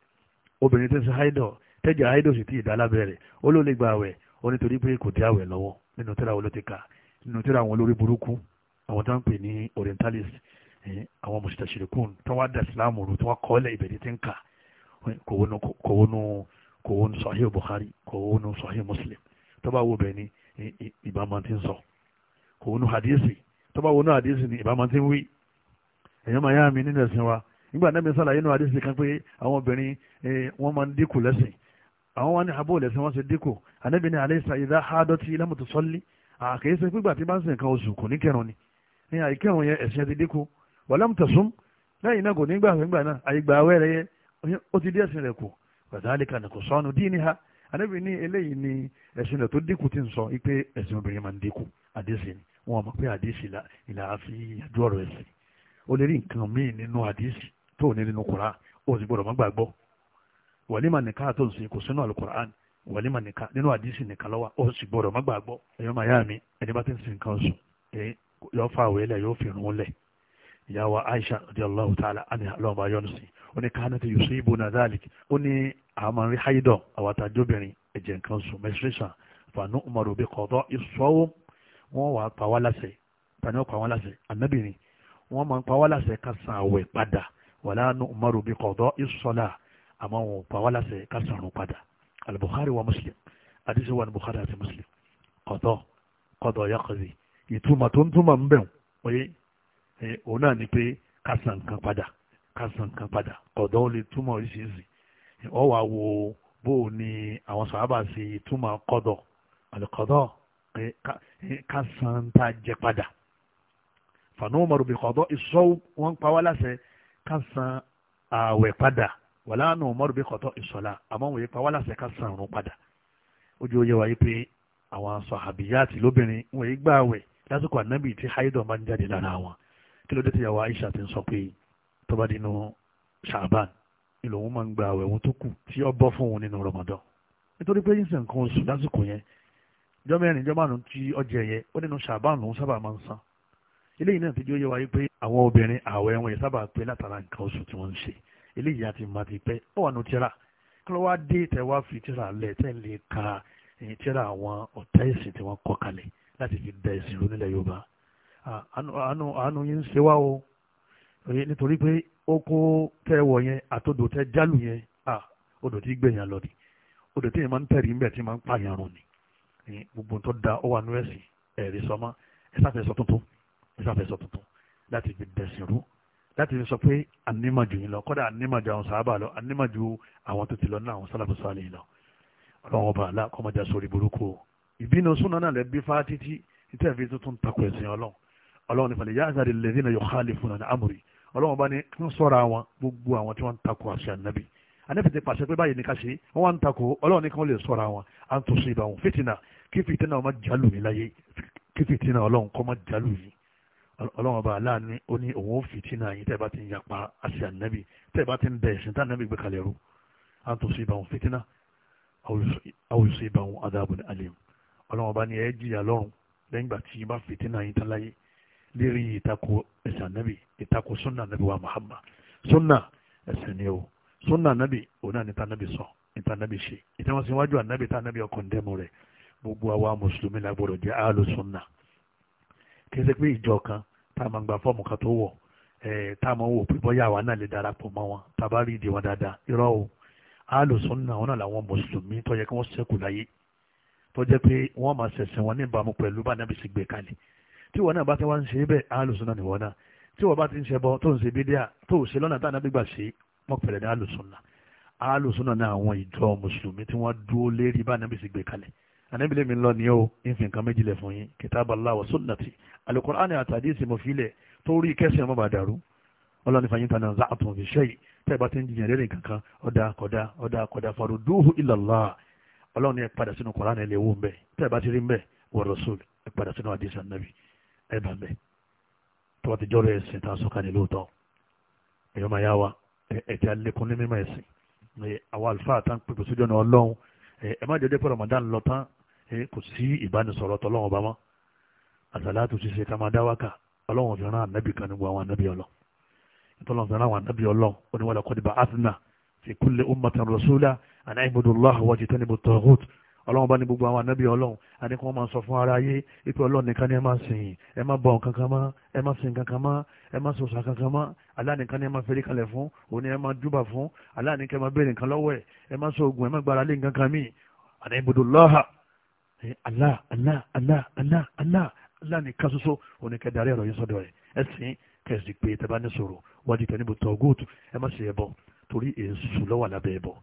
obìnrin tí ń ṣe haidọ̀ tẹ́jà haidọ̀ sì ti ìdá alábẹ́rẹ̀ ó ló lè gbà wẹ̀ ó nítorí pé kò dé àwẹ̀ lọ́wọ́ nínú tíra wọn ló ti kà nínú tíra àwọn olórí burúkú àwọn tó ń pè ní orientalist àwọn mùsùlùmí tó wá da Islam rú tó wá kọ́lẹ̀ ìbẹ̀rẹ̀ tí ń kà kò wọnú sahih Bukhari kò wọnú sahih Muslim tọ́ba wo bẹ̀ ni ìbámu ti sọ kò wọnú hadisi tọ́ba wọnú hadisi ni ìbámu ti ń wí ẹ̀yọ́ máa yá mi nínú ẹ̀sìn wa nígbà náà mi sàlàyé nínú hadisi kan pé àwọn obìnrin wọ́n máa ń dínkù lẹ́sìn àwọn wa ní abó lẹ́sìn wọ́n ṣe dínkù ànábì ní alẹ́ ìsà ìdá àádọ́tì lẹ́mù tó sọ́lí àkèésí pígbà tí bá ń sìn kan oṣù kò ní kẹrùn ni ní àìkẹrùn yẹn ẹ̀sìn ti dínkù wàlámù tẹ̀sùn lẹ́yìn náà kò ní gbà fún gbà náà àyè gbà wẹ́rẹ́ ha ànábì ní eléyìí ni ẹ̀sìn rẹ̀ tó dínkù ti ń sọ pé ẹ̀sìn obìnrin máa ń dínkù àdéṣe ni wọn mọ̀ pé àdéṣe ìlà àfi àjọ ọ̀rọ̀ ẹ̀sìn o lè rí nǹkan míì nínú àdéṣe tó ní nínú Kùránì o sì gbọdọ̀ má gbàgbọ́ wàlímà nìkan tó ń sìn kò sínú àlùkùránì wàlímà nìkan nínú àdísì nìkan lọ́wọ́ ó sì gbọ́dọ̀ má gbàgbọ́ ẹ̀yọ́ màá yá mi ẹni bá ti ń sin nǹkan sùn ẹ̀ yọ fa àwẹ̀ yóò fi rún lẹ̀ ìyá wa Aisha radiyallahu ta'ala anha lọ́wọ́ bá yọ́nu sí ó ní ti yusuf ibùnà zalik ó àmọ́ rí haidọ̀ àwàtàjọ́bìnrin ẹ̀jẹ̀ nǹkan sùn menstruation fanu umaru bi kọ̀dọ̀ ìṣọ́wó wọ́n wà pa wá láṣẹ tani ó pa wá láṣẹ ànábìnrin wọ́n máa ń pa wá láṣẹ ká san àwẹ̀ padà wàlá nu umaru bi kọ̀dọ̀ ìṣọ́lá àmọ́ wọn pa wá láṣẹ ká san àrùn padà al-Bukhari wa Muslim àdìsí wa ni Bukhari àti Muslim kọ̀dọ̀ kọ̀dọ̀ yaqdi ìtumọ̀ tó ń túmọ̀ ń bẹ̀rù oye òun náà ni pé ká san nǹkan padà ká san nǹkan padà kọ̀dọ̀ ó lè túmọ̀ oríṣiríṣi ọ wà wo bó o ní àwọn sàhábà ṣe túmọ̀ kọ́dọ̀ àlùkọ́dọ̀ ká san tá a jẹ padà fàánù ọmọdé bí kọ́dọ̀ ìṣọ́ wọn ń pa wá láṣẹ ká san ààwẹ̀ padà wàláàánú ọmọdé bí kọ́dọ̀ ìṣọ́lá àmọ́ wòye pa wá láṣẹ ká san ìrun padà ó jẹ́ oyè wáyé pé àwọn sàhábìyàtì lóbìnrin wòye gbà àwẹ̀ lásìkò ànábì tí haidọ̀ máa ń jáde lára wọn kí ló dé tí yàwó Aisha ti ń sọ pé tó bá dínú ṣàbán ìlòun máa ń gba àwẹ̀ òun tó kù tí ó bọ́ fún òun nínú Ramadan nítorí pé yín sì nǹkan oṣù lásìkò yẹn ìjọ mẹ́rin ìjọ márùn tí ọjẹ yẹ ó nínú ṣàbáàn lòun sábà máa ń san eléyìí náà fi jẹ́ yé wáyé pé àwọn obìnrin àwẹ̀ wọn yẹn sábà pé látara nǹkan oṣù tí wọ́n ń ṣe eléyìí àti má ti pẹ́ ó wà nù tíra kí ló wá dé tẹ wá fi tíra lẹ̀ tẹ́ lè ka ẹ̀yìn tíra àwọn ọ̀tá ẹ̀sìn tí wọ́n kọ́ kalẹ̀ láti fi da ẹ̀sìn rú nílẹ̀ Yorùbá àánú yín ń ṣe wá o nítorí pé okun tẹ́wọ̀ yẹn àtodò tẹ́ jálù yẹn a odò tí gbẹ̀yàn lọ ni odò tí yẹn máa ń tẹ̀rí ń bẹ̀ tí máa ń pààyàn rùn ni gbogbo tó da ó wà nú ẹ̀sìn ẹ̀rí sọmọ ẹ̀sàfẹ́sọ tuntun ẹ̀sàfẹ́sọ tuntun láti fi dẹ̀sìn rú láti fi sọ pé ànímàjù yìí lọ kọ́dà ànímàjù àwọn sàábà lọ ànímàjù àwọn tó ti lọ ní àwọn sálàfù sálì lọ ọlọ́run ọba àlá kọ́mọjà sórí burúkú ìbínú súnà náà lẹ́bí fáá títí títẹ̀ fi tuntun takò ẹ̀sìn ọlọ́run ọlọ́run nífàlẹ̀ yáàzàrí lẹ́dínà yóò hálì fún ọ̀nà àmúrí ọlọ́wọ́n bá ní ń sọ́ra wọn gbogbo àwọn tí wọ́n ń takò àṣẹ ànábì ànábì ti pàṣẹ pé báyìí ní ká ṣe wọ́n wá ń takò ọlọ́wọ́n ní kí wọ́n lè sọ́ra wọn à ń tó sí ibà wọn fìtìnà kí fìtìnà ọmọ jálù mí láyé kí fìtìnà ọlọ́wọ́n kọ́ mọ́ jálù yìí ọlọ́wọ́n bá láàánú ó ní òun ó fìtìnà yìí tẹ́ bá ti ń yapa àṣẹ ànábì tẹ́ bá ti ń bẹ̀ ẹ̀sìn tá gbé kalẹ̀ rú à ń tó sí ibà wọn fìtìnà lérí ìtakò ẹ̀sìn ànábì ìtakò sunna ànábì wa Muhammad sunna ẹ̀sìn ni o súnà ànábì òun náà ní tànábì sọ ìtànábì ṣe ìtàwọn síwájú ànábì tànábì ọkàn dẹ́mu rẹ̀ gbogbo àwa mùsùlùmí la gbọdọ̀ jẹ́ àlù súnà kì í ṣe pé ìjọ kan tá a máa gba fọ́ọ̀mù kan tó wọ̀ tá a máa wò pé bọ́yá àwa náà lè darapọ̀ mọ́ wọn tá a bá rí ìdí wọn dáadáa irọ́ o àlù súnà wọn làwọn mùsùlùmí tó yẹ kí wọ́n ṣẹ́kù láyé tó jẹ́ pé wọ́n máa ṣẹ̀sìn wọn níbàámu pẹ̀lú bá ànábì sì gbé kalẹ̀ tí wọn náà bá ti wá ń ṣe bẹ́ẹ̀ alùsùnà nìwọ náà tí wọn bá ti ń ṣe bọ tó ń ṣe bídíà tó ṣe lọ́nà tá ànábì gbà ṣe mọ́ pẹ̀lẹ́ ní alùsùnà alùsùnà náà àwọn ìjọ mùsùlùmí tí wọ́n dúró lérí bá ànábì sì gbé kalẹ̀ ànábì lèmi lọ ní o ìfìn kan méjìlẹ̀ fún yín kitaballahi wa sunnati alukur'ani àtàdísì mọ̀ tó rí kẹsàn-án mọ́ dàrú ọlọ́ni ẹ̀bà ń bẹ̀ tó bá ti jọ́rọ̀ ẹ̀sìn tá a sọ kalẹ̀ lóòótọ́ ẹ̀yọ́ máa yá wa ẹ̀tí alẹ́kùn ní mímọ̀ ẹ̀sìn àwọn àlùfáà tá ń pè kò síjọ́ ní ọlọ́run ẹ má jẹ́jẹ́ pé Ramadan lọ tán kò sí ìbánisọ̀rọ̀ tọ́lọ́run ọba mọ́ àsàlátù ṣiṣẹ́ ká máa dá wákà ọlọ́run fi rán ànábì kan nígbà àwọn ànábì ọlọ́run ọlọ́run bá ní gbogbo àwọn ànábì ọlọ́run àní kí wọ́n máa sọ fún ara ayé ipe ọlọ́run nìkan ni ẹ máa sìn ẹ máa bọ nǹkan mọ́ ẹ máa sìn nǹkan mọ́ ẹ máa sòsà kankan mọ́ Allah nìkan ni ẹ máa fẹ́rí kalẹ̀ fún òní ẹ máa júbà fún Allah nìkan ẹ máa béèrè nǹkan lọ́wọ́ ẹ ẹ máa sọ oògùn ẹ máa gbára lé nǹkan kan míì àní ibùdó lọ́hà Allah Allah Allah Allah Allah Allah nìkan ṣoṣo òní kẹ darí ọ̀rọ̀ yín sọ́dọ̀ rẹ̀ ẹ sìn kẹsì pé tẹ bá ní sọ̀rọ̀ wájú tẹ níbo tọ́ góòtù ẹ má ṣe ẹbọ torí èṣù lọ́wọ́ lábẹ́ ẹbọ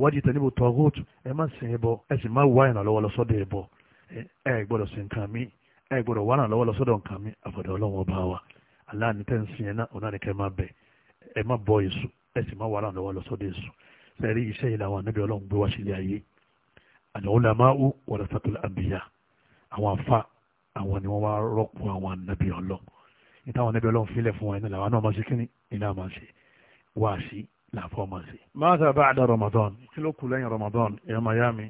wájú tẹ̀lébù tọ́gọ́tù ẹ má sìn ẹbọ ẹ sì má wá ìrànlọ́wọ́ lọ́sọ́dọ̀ ẹbọ ẹ gbọ́dọ̀ sìn nǹkan mi ẹ gbọ́dọ̀ wá ìrànlọ́wọ́ lọ́sọ́dọ̀ nǹkan mi àfọ̀dọ̀ ọlọ́wọ́ bá wa aláàánú tẹ́ ń sìn yẹn náà ọ̀nà nìkan má bẹ̀ ẹ má bọ èṣù ẹ sì má wá ìrànlọ́wọ́ lọ́sọ́dọ̀ èṣù sẹ́rí iṣẹ́ yìí làwọn anábì ọlọ́run gbé wá sílẹ̀ ayé al-ulama'u ni wọ́n wá rọ́pò làfọ́ máa ṣe. máta ba'da Ramadan kí ló kù lẹ́yìn Ramadan ẹ̀yọ́ miami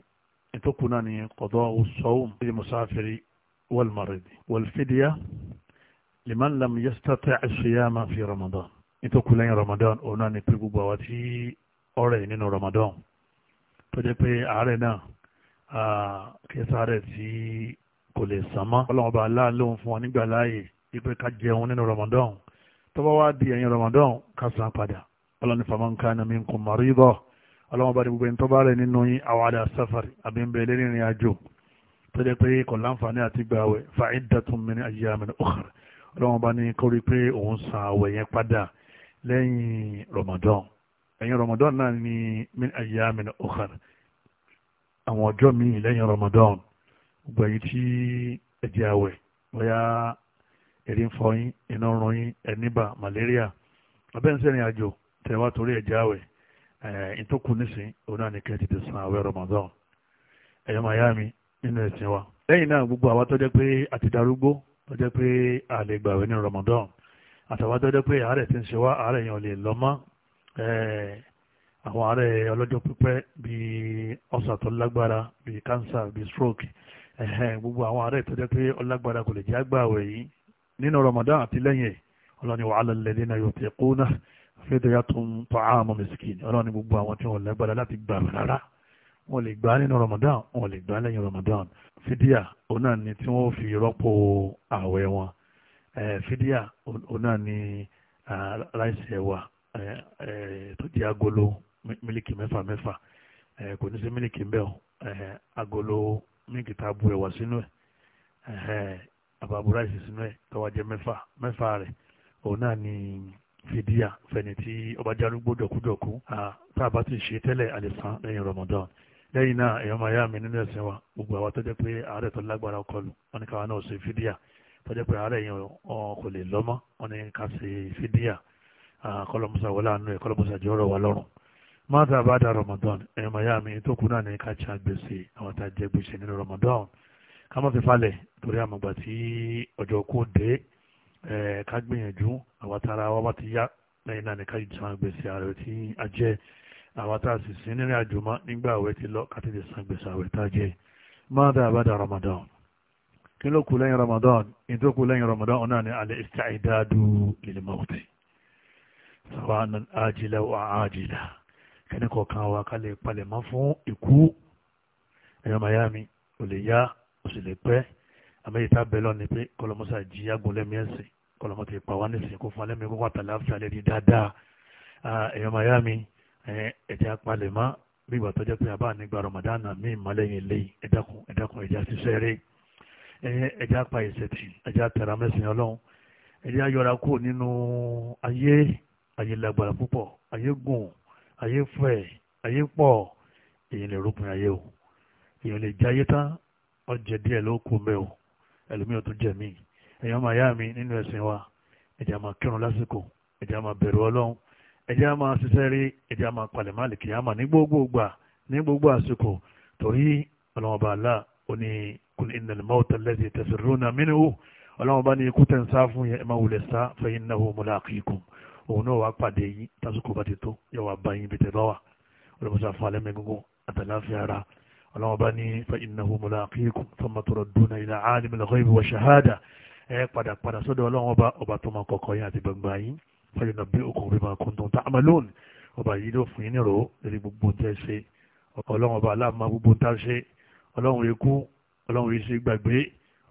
ètò kù náà ní qada'u sawm lil musafiri wal marid wal fidya liman lam yastati' as-siyama fi Ramadan ètò kù lẹ́yìn Ramadan òun náà ní pé gbogbo àwa tí ọ̀rẹ́ nínú Ramadan tó jẹ́ pé àárẹ̀ náà kí sáré tí kò lè sàn mọ́ ọlọ́run ọba aláàlóhun fún wọn nígbà láàyè wípé ká jẹun Ramadan tó bá wá di ẹ̀yìn Ramadan ká san padà ọlọ́ni faman kana minkum marida ọlọ́wọ́n bá ní gbogbo ẹni tó bá rẹ̀ nínú yín aw ala safari àbí ń bẹ̀rẹ̀ rìnrìn àjò tó jẹ́ pé kò láǹfààní àti gbààwẹ̀ fa iddatun min ayyamin ukhra ọlọ́wọ́n bá ní kó rí pé òun san àwẹ̀ yẹn padà lẹ́yìn Ramadan ẹ̀yìn Ramadan náà ni min ayyamin ukhra àwọn ọjọ́ míì lẹ́yìn Ramadan gbogbo èyí tí ẹ̀jẹ̀ àwẹ̀ bóyá erin fọyín iná rọyín ẹ̀níbà malaria abẹ́ǹsẹ̀rìn àjò tẹ́ wá torí ẹ̀ jáwẹ̀ ẹ̀ ìtòkù nísìn òun náà ní kẹ́ san àwẹ̀ Ramadan ẹ̀yọ́ máa yá mi nínú ẹ̀sìn wa. lẹ́yìn náà gbogbo àwa tó pé àti darúgbó tó pé a lè ní Ramadan àtàwa tó jẹ́ pé àárẹ̀ ti ń ṣe wá àárẹ̀ yẹn ò lè lọ mọ́ àwọn àárẹ̀ ọlọ́jọ́ pípẹ́ bíi ọ̀sà tó lágbára bíi kánsà bíi stroke gbogbo àwọn àárẹ̀ tó jẹ́ pé ọlágbára kò lè jẹ́ àgbàwẹ̀ yìí nínú Ramadan àti lẹ́yìn ọlọ́ni wàhálà lẹ́dínà yóò tẹ̀ kó náà fẹ́dẹ̀yà tó ń tọ́ àmọ́ mẹ́sìkìnì ọlọ́run ní gbogbo àwọn tí wọ́n lágbára láti gbà rárá wọ́n lè gbà nínú Ramadan wọ́n lè gbà lẹ́yìn Ramadan fídíà òun náà ni tí wọ́n fi rọ́pò ààwẹ̀ wọn fídíà òun náà ni ráìsì ẹ̀wà tó jẹ́ agolo mílíkì mẹ́fà mẹ́fà kò ní sí mílíkì ń bẹ̀ ọ́ agolo mílíkì tá a bu ẹ̀wà sínú ẹ̀ àbàbù ráìsì sínú ẹ̀ tọ́wọ́ mẹ́fà mẹ́fà rẹ̀ òun náà ni. Fidia, fẹni tí ọba járúgbó dọ̀kúdọ̀kú tá a bá ti ṣe tẹ́lẹ̀ àlẹ́sàn lẹ́yìn Ramadan lẹ́yìn náà èèyàn máa yá mi nínú ẹ̀sìn wa gbogbo àwọn tọ́jọ́ pé àárẹ̀ tó lágbára ọkọlù wọn ni káwọn náà ṣe fìdíyà tọ́jọ́ pé àárẹ̀ yẹn kò lè lọ́mọ́ wọn ni ká ṣe fìdíyà kọlọmọsà wọlé àánú ẹ kọlọmọsà jẹ́ ọ̀rọ̀ wa má tá a bá da Ramadan èèyàn máa yá mi tó kú náà ni ká ṣe àgbèsè àwọn tá a jẹ gbèsè nínú Ramadan ká má fi falẹ̀ torí àmọ̀gbà tí ọjọ́ kú dé ká gbìyànjú àwa tára wa bá ti yá lẹ́yìn náà ní ká yìí san gbèsè ààrẹ tí a jẹ àwa tá a sì sí nínú àjò mọ́ nígbà àwẹ̀ ti lọ ká tètè san gbèsè ààrẹ tá a jẹ máa dá àbádá Ramadan kí ló kù lẹ́yìn Ramadan ìdókù lẹ́yìn Ramadan ọ̀nà ni alẹ́ isti'dadu lil mawti sàwọn àjìlá wà àjìlá kẹ́ni kọ̀ọ̀kan wa ká lè palẹ̀ mọ́ fún ikú ẹ̀yọ́ miami ò lè yá ò sì lè pẹ́ àmẹ́yìí tá a bẹ̀ pé kọlọmọ́sà jíyá gúnlẹ̀ mẹ́sìn kọlọmọ ti pa wá nísìnyí kó fún alẹ́ mi kó wà tàlẹ́ àfíà lẹ́ni dáadáa èèyàn màyá mi ẹ̀jẹ̀ apalẹ̀ mọ́ bí ìgbà tó jẹ́ pé àbá nígbà Ramadan mi ìmọ̀lẹ́yìn lé ẹ̀dákun ẹ̀dákun ẹ̀jẹ̀ àṣìṣe rẹ̀ ẹ̀jẹ̀ apá ìṣẹ̀tì ẹ̀jẹ̀ àtẹ̀rà mẹ́sìn ọlọ́run ẹ̀jẹ̀ ayọ̀ra kù nínú ayé ayé lágbára púpọ̀ ayé gùn ayé fẹ̀ ayé pọ̀ èyí lè rúpin ayé o èyí lè jẹ́ ayé tán ọ̀jẹ̀ díẹ̀ ló kù mẹ́ o ẹlòmíràn tó jẹ̀ míì ẹ̀yọ́ máa yá mi nínú ẹ̀sìn wa ẹ̀jẹ̀ máa kírun lásìkò ẹ̀jẹ̀ máa bẹ̀rù ọlọ́run ẹ̀jẹ̀ máa ṣiṣẹ́ rí ẹ̀jẹ̀ máa palẹ̀ máa lè kíyàmà ní gbogbo gbà ní gbogbo àsìkò torí ọlọ́run bá là ó ní kul innal mawta allazi tasirruna minhu ọlọ́run bá ní ikú tẹ̀ ń sá fún yẹn ẹ máa wulẹ̀ sá fa innahu mulaqikum òun náà wàá pàdé yín tásìkò bá ti tó yẹ wàá bìtẹ̀ bá wà ọlọ́mọṣà fún alẹ́ mẹ́gungun àtàláfíà ara ọlọ́run bá ní fa innahu mulaqikum thumma turadduna ila alimil ghaybi wa shahada ẹ padà padà sọ́dọ̀ ọlọ́run ọba ọba tó máa kọ̀kọ̀ yín àti gbangba yín fẹ́lẹ́ náà bí okùn bí máa kún tó ń ta àmọ́ lónìí ọba yìí ló fún yín nírò lórí gbogbo tẹ́ ṣe ọlọ́run ọba aláàmà gbogbo tá ṣe ọlọ́run rẹ kú ọlọ́run rẹ ṣe gbàgbé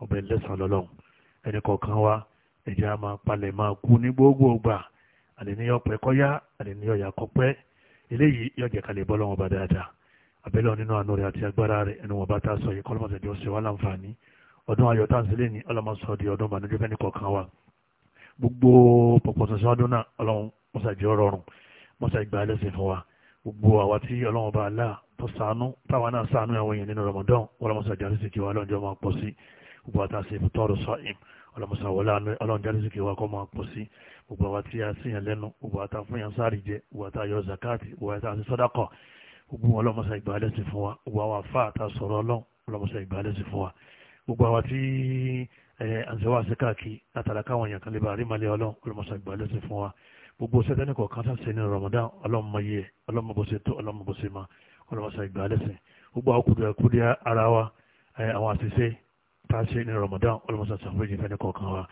ọba ẹlẹ́sàn lọ́lọ́run ẹnì kọ̀ọ̀kan wa ẹ̀jẹ̀ á máa palẹ̀ máa kú ní gbogbo ọgbà àlèníyàn pẹ́ kọ́yá àlèníyàn ọdún ayọ̀ tá à ń sílé ní ọlọ́mọsọ di ọdún ìbànújẹ́ fẹ́ni kọ̀ọ̀kan wa gbogbo pọ̀pọ̀sọ̀ síwájú náà ọlọ́run mọ́sàjẹ́ ọ̀rọ̀rùn mọ́sàjẹ́ gbà lẹ́sìn fún wa gbogbo àwa tí ọlọ́run bá là tó sànú táwa náà sànú àwọn èèyàn nínú Ramadan ọlọ́mọsàjẹ́ àrísìkí wa ọlọ́run jọ máa pọ̀ sí gbogbo àtàṣe ìfútọ́rọ̀ sọ́ọ̀ìm ọlọ́mọsà wọlé ọlọ́run jáde kí wa kọ́ máa pọ̀ sí gbogbo àwa tí a síyàn lẹ́nu gbogbo àtà fún wa gbogbo àwọn àfa àtà sọ̀rọ̀ ọlọ́run fún wa gbogbo àwọn tí àǹsẹ̀wá ṣe káàkiri látara káwọn èèyàn kan lè bá rí màlẹ́ ọlọ́run olùmọ̀sán ìgbà ló ṣe fún wa gbogbo sẹ́tẹ́nì kọ̀ọ̀kan sáṣẹ́ ní Ramadan ọlọ́mọye ọlọ́mọbọ̀sẹ̀ tó ọlọ́mọbọ̀sẹ̀ ma ọlọ́mọsán ìgbà lẹ́sìn gbogbo àkùdìyà kùdìyà ara wa àwọn àṣìṣe tá a ṣe ní Ramadan ọlọ́mọsán ṣàfihàn fẹ́ni kọ̀ọ̀kan wa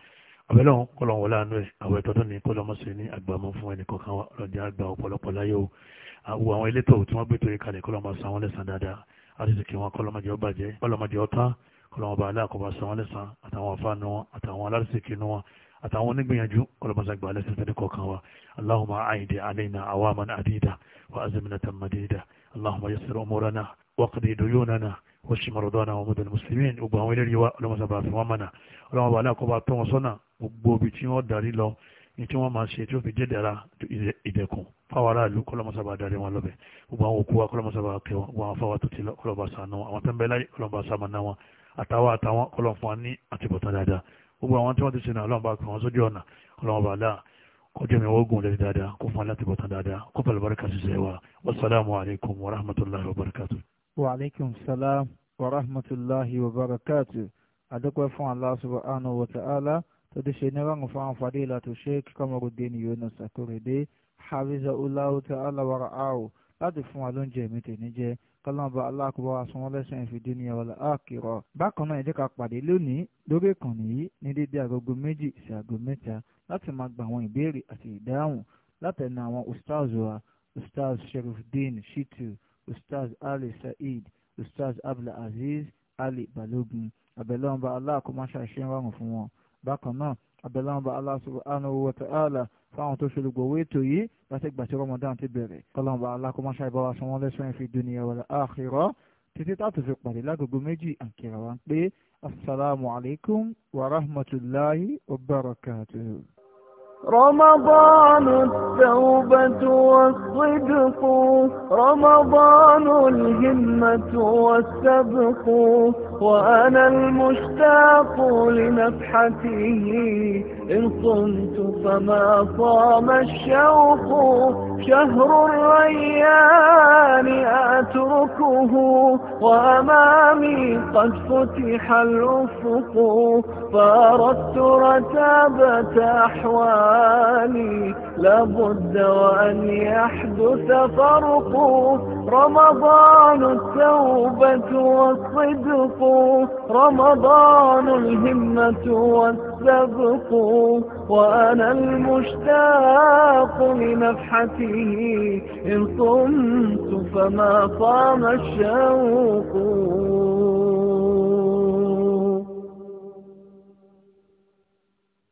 abẹ́lẹ́ wọn kọ́lọ̀ wọn láàánú ẹ̀ ni kọ́lọ̀ mọ́ sí ní àgbàmọ́ fún ẹnì kọ̀ọ̀kan wa ọlọ́dẹ àgbà ọ̀pọ̀lọpọ̀ láyé o àwọn àwọn elétò tí wọn kọ́lọ̀ ọlọ́wọ́n bá aláàkọ́bá san wọn lẹ́sàn àtàwọn afáànù wọn àtàwọn alárìsíkì nù wọn àtàwọn onígbìyànjú ọlọ́mọsàgbà lẹ́sìn tẹ́lẹ̀ kọ̀ọ̀kan wa aláhùnmá àyìndé àlẹ́yìn àwàmán àdídà wà azimina tamadida aláhùnmá yẹsẹ̀rẹ̀ ọmọrànà wàkàdé ìdòyónàna wàṣí maradona wa mọ̀dọ̀lì mùsùlùmí gbogbo àwọn eléré wa ọlọ́mọsàgbà fi wọ́n mọ̀nà ọlọ́wọ́n bá aláàkọ́bá tó wọn sọ́nà gbogbo ibi tí wọ́n darí lọ ní tí wọ́n máa ṣe tí ó fi jẹ́dẹ̀ra ìdẹ̀kùn fáwọn aráàlú kọlọ́mọsábà darí wọn lọ́bẹ̀ gbogbo àwọn òkú wa kọlọ́mọsábà kẹwọn gbogbo àwọn fáwọn tó ti lọ náà wọn àwọn tó ń náà wọn àtàwọn àtàwọn ọlọ́run fún wa ní àtibọ̀tán dáadáa gbogbo àwọn tí wọ́n ti sinmi ọlọ́run bá kàn wọ́n sójú ọ̀nà ọlọ́run bá dáa kọjá mi wọ́gùn lẹ́yìn dáadáa kó fún alátibọ̀tán dáadáa kó fẹ́ lọ́bàrẹ́kà ṣiṣẹ́ wa wasalaamu alaykum wa rahmatulahi wa barakatu. wa aleykum salaam wa rahmatulahi wa barakatu adúpẹ́ fún Allah subhanahu wa ta'ala tó ti ṣe nírọ̀rùn fún àǹfààní ìlàtọ̀ sheikh Kamarudeen Yunus Akorede hafizahulahu ta'ala wa ra'ahu láti fún wa lóúnjẹ mi tèmi jẹ kọlọ́nba aláàkúbọ̀ asọ́wọ́n lẹ́sẹ̀ ìfìdí ní ọ̀la àkìrọ̀. bákan náà ẹ jẹ́ ká pàdé lónìí lórí ìkànnì yìí ní dédé agogo méjì sí agogo mẹ́ta láti máa gba àwọn ìbéèrè àti ìdáhùn látẹnu àwọn ustaz wa ustaz sheriffdeen shitu ustaz ali saeed ustaz abdulaziz ali balogun àbẹ̀lọ́nba aláàkúmọ̀ṣà ṣe ń rọrùn fún wọn bákan náà abẹ́láwọn bá Allah subhanahu wa ta'ala fáwọn tó ṣolùgbò owó ètò yìí láti gbà tí Ramadan ti bẹ̀rẹ̀ kọ́láwọn bá Allah kó má ṣàìbá wa sanwó lẹ́sàn-án fi dunya wal fi pàdé lágogo méjì àǹkìrà wa ń pé asalaamualeykum wa rahmatulahi wa barakatuhu. رمضان التوبة والصدق رمضان الهمة والسبق وأنا المشتاق لنفحته إن صمت فما صام الشوق شهر الريان أتركه وأمامي قد فتح الأفق فأردت رتابة أحوالي لابد وأن يحدث فرق رمضان التوبة والصدق رمضان الهمة والصدق تبقوا وأنا المشتاق لنفحته إن صمت فما صام الشوق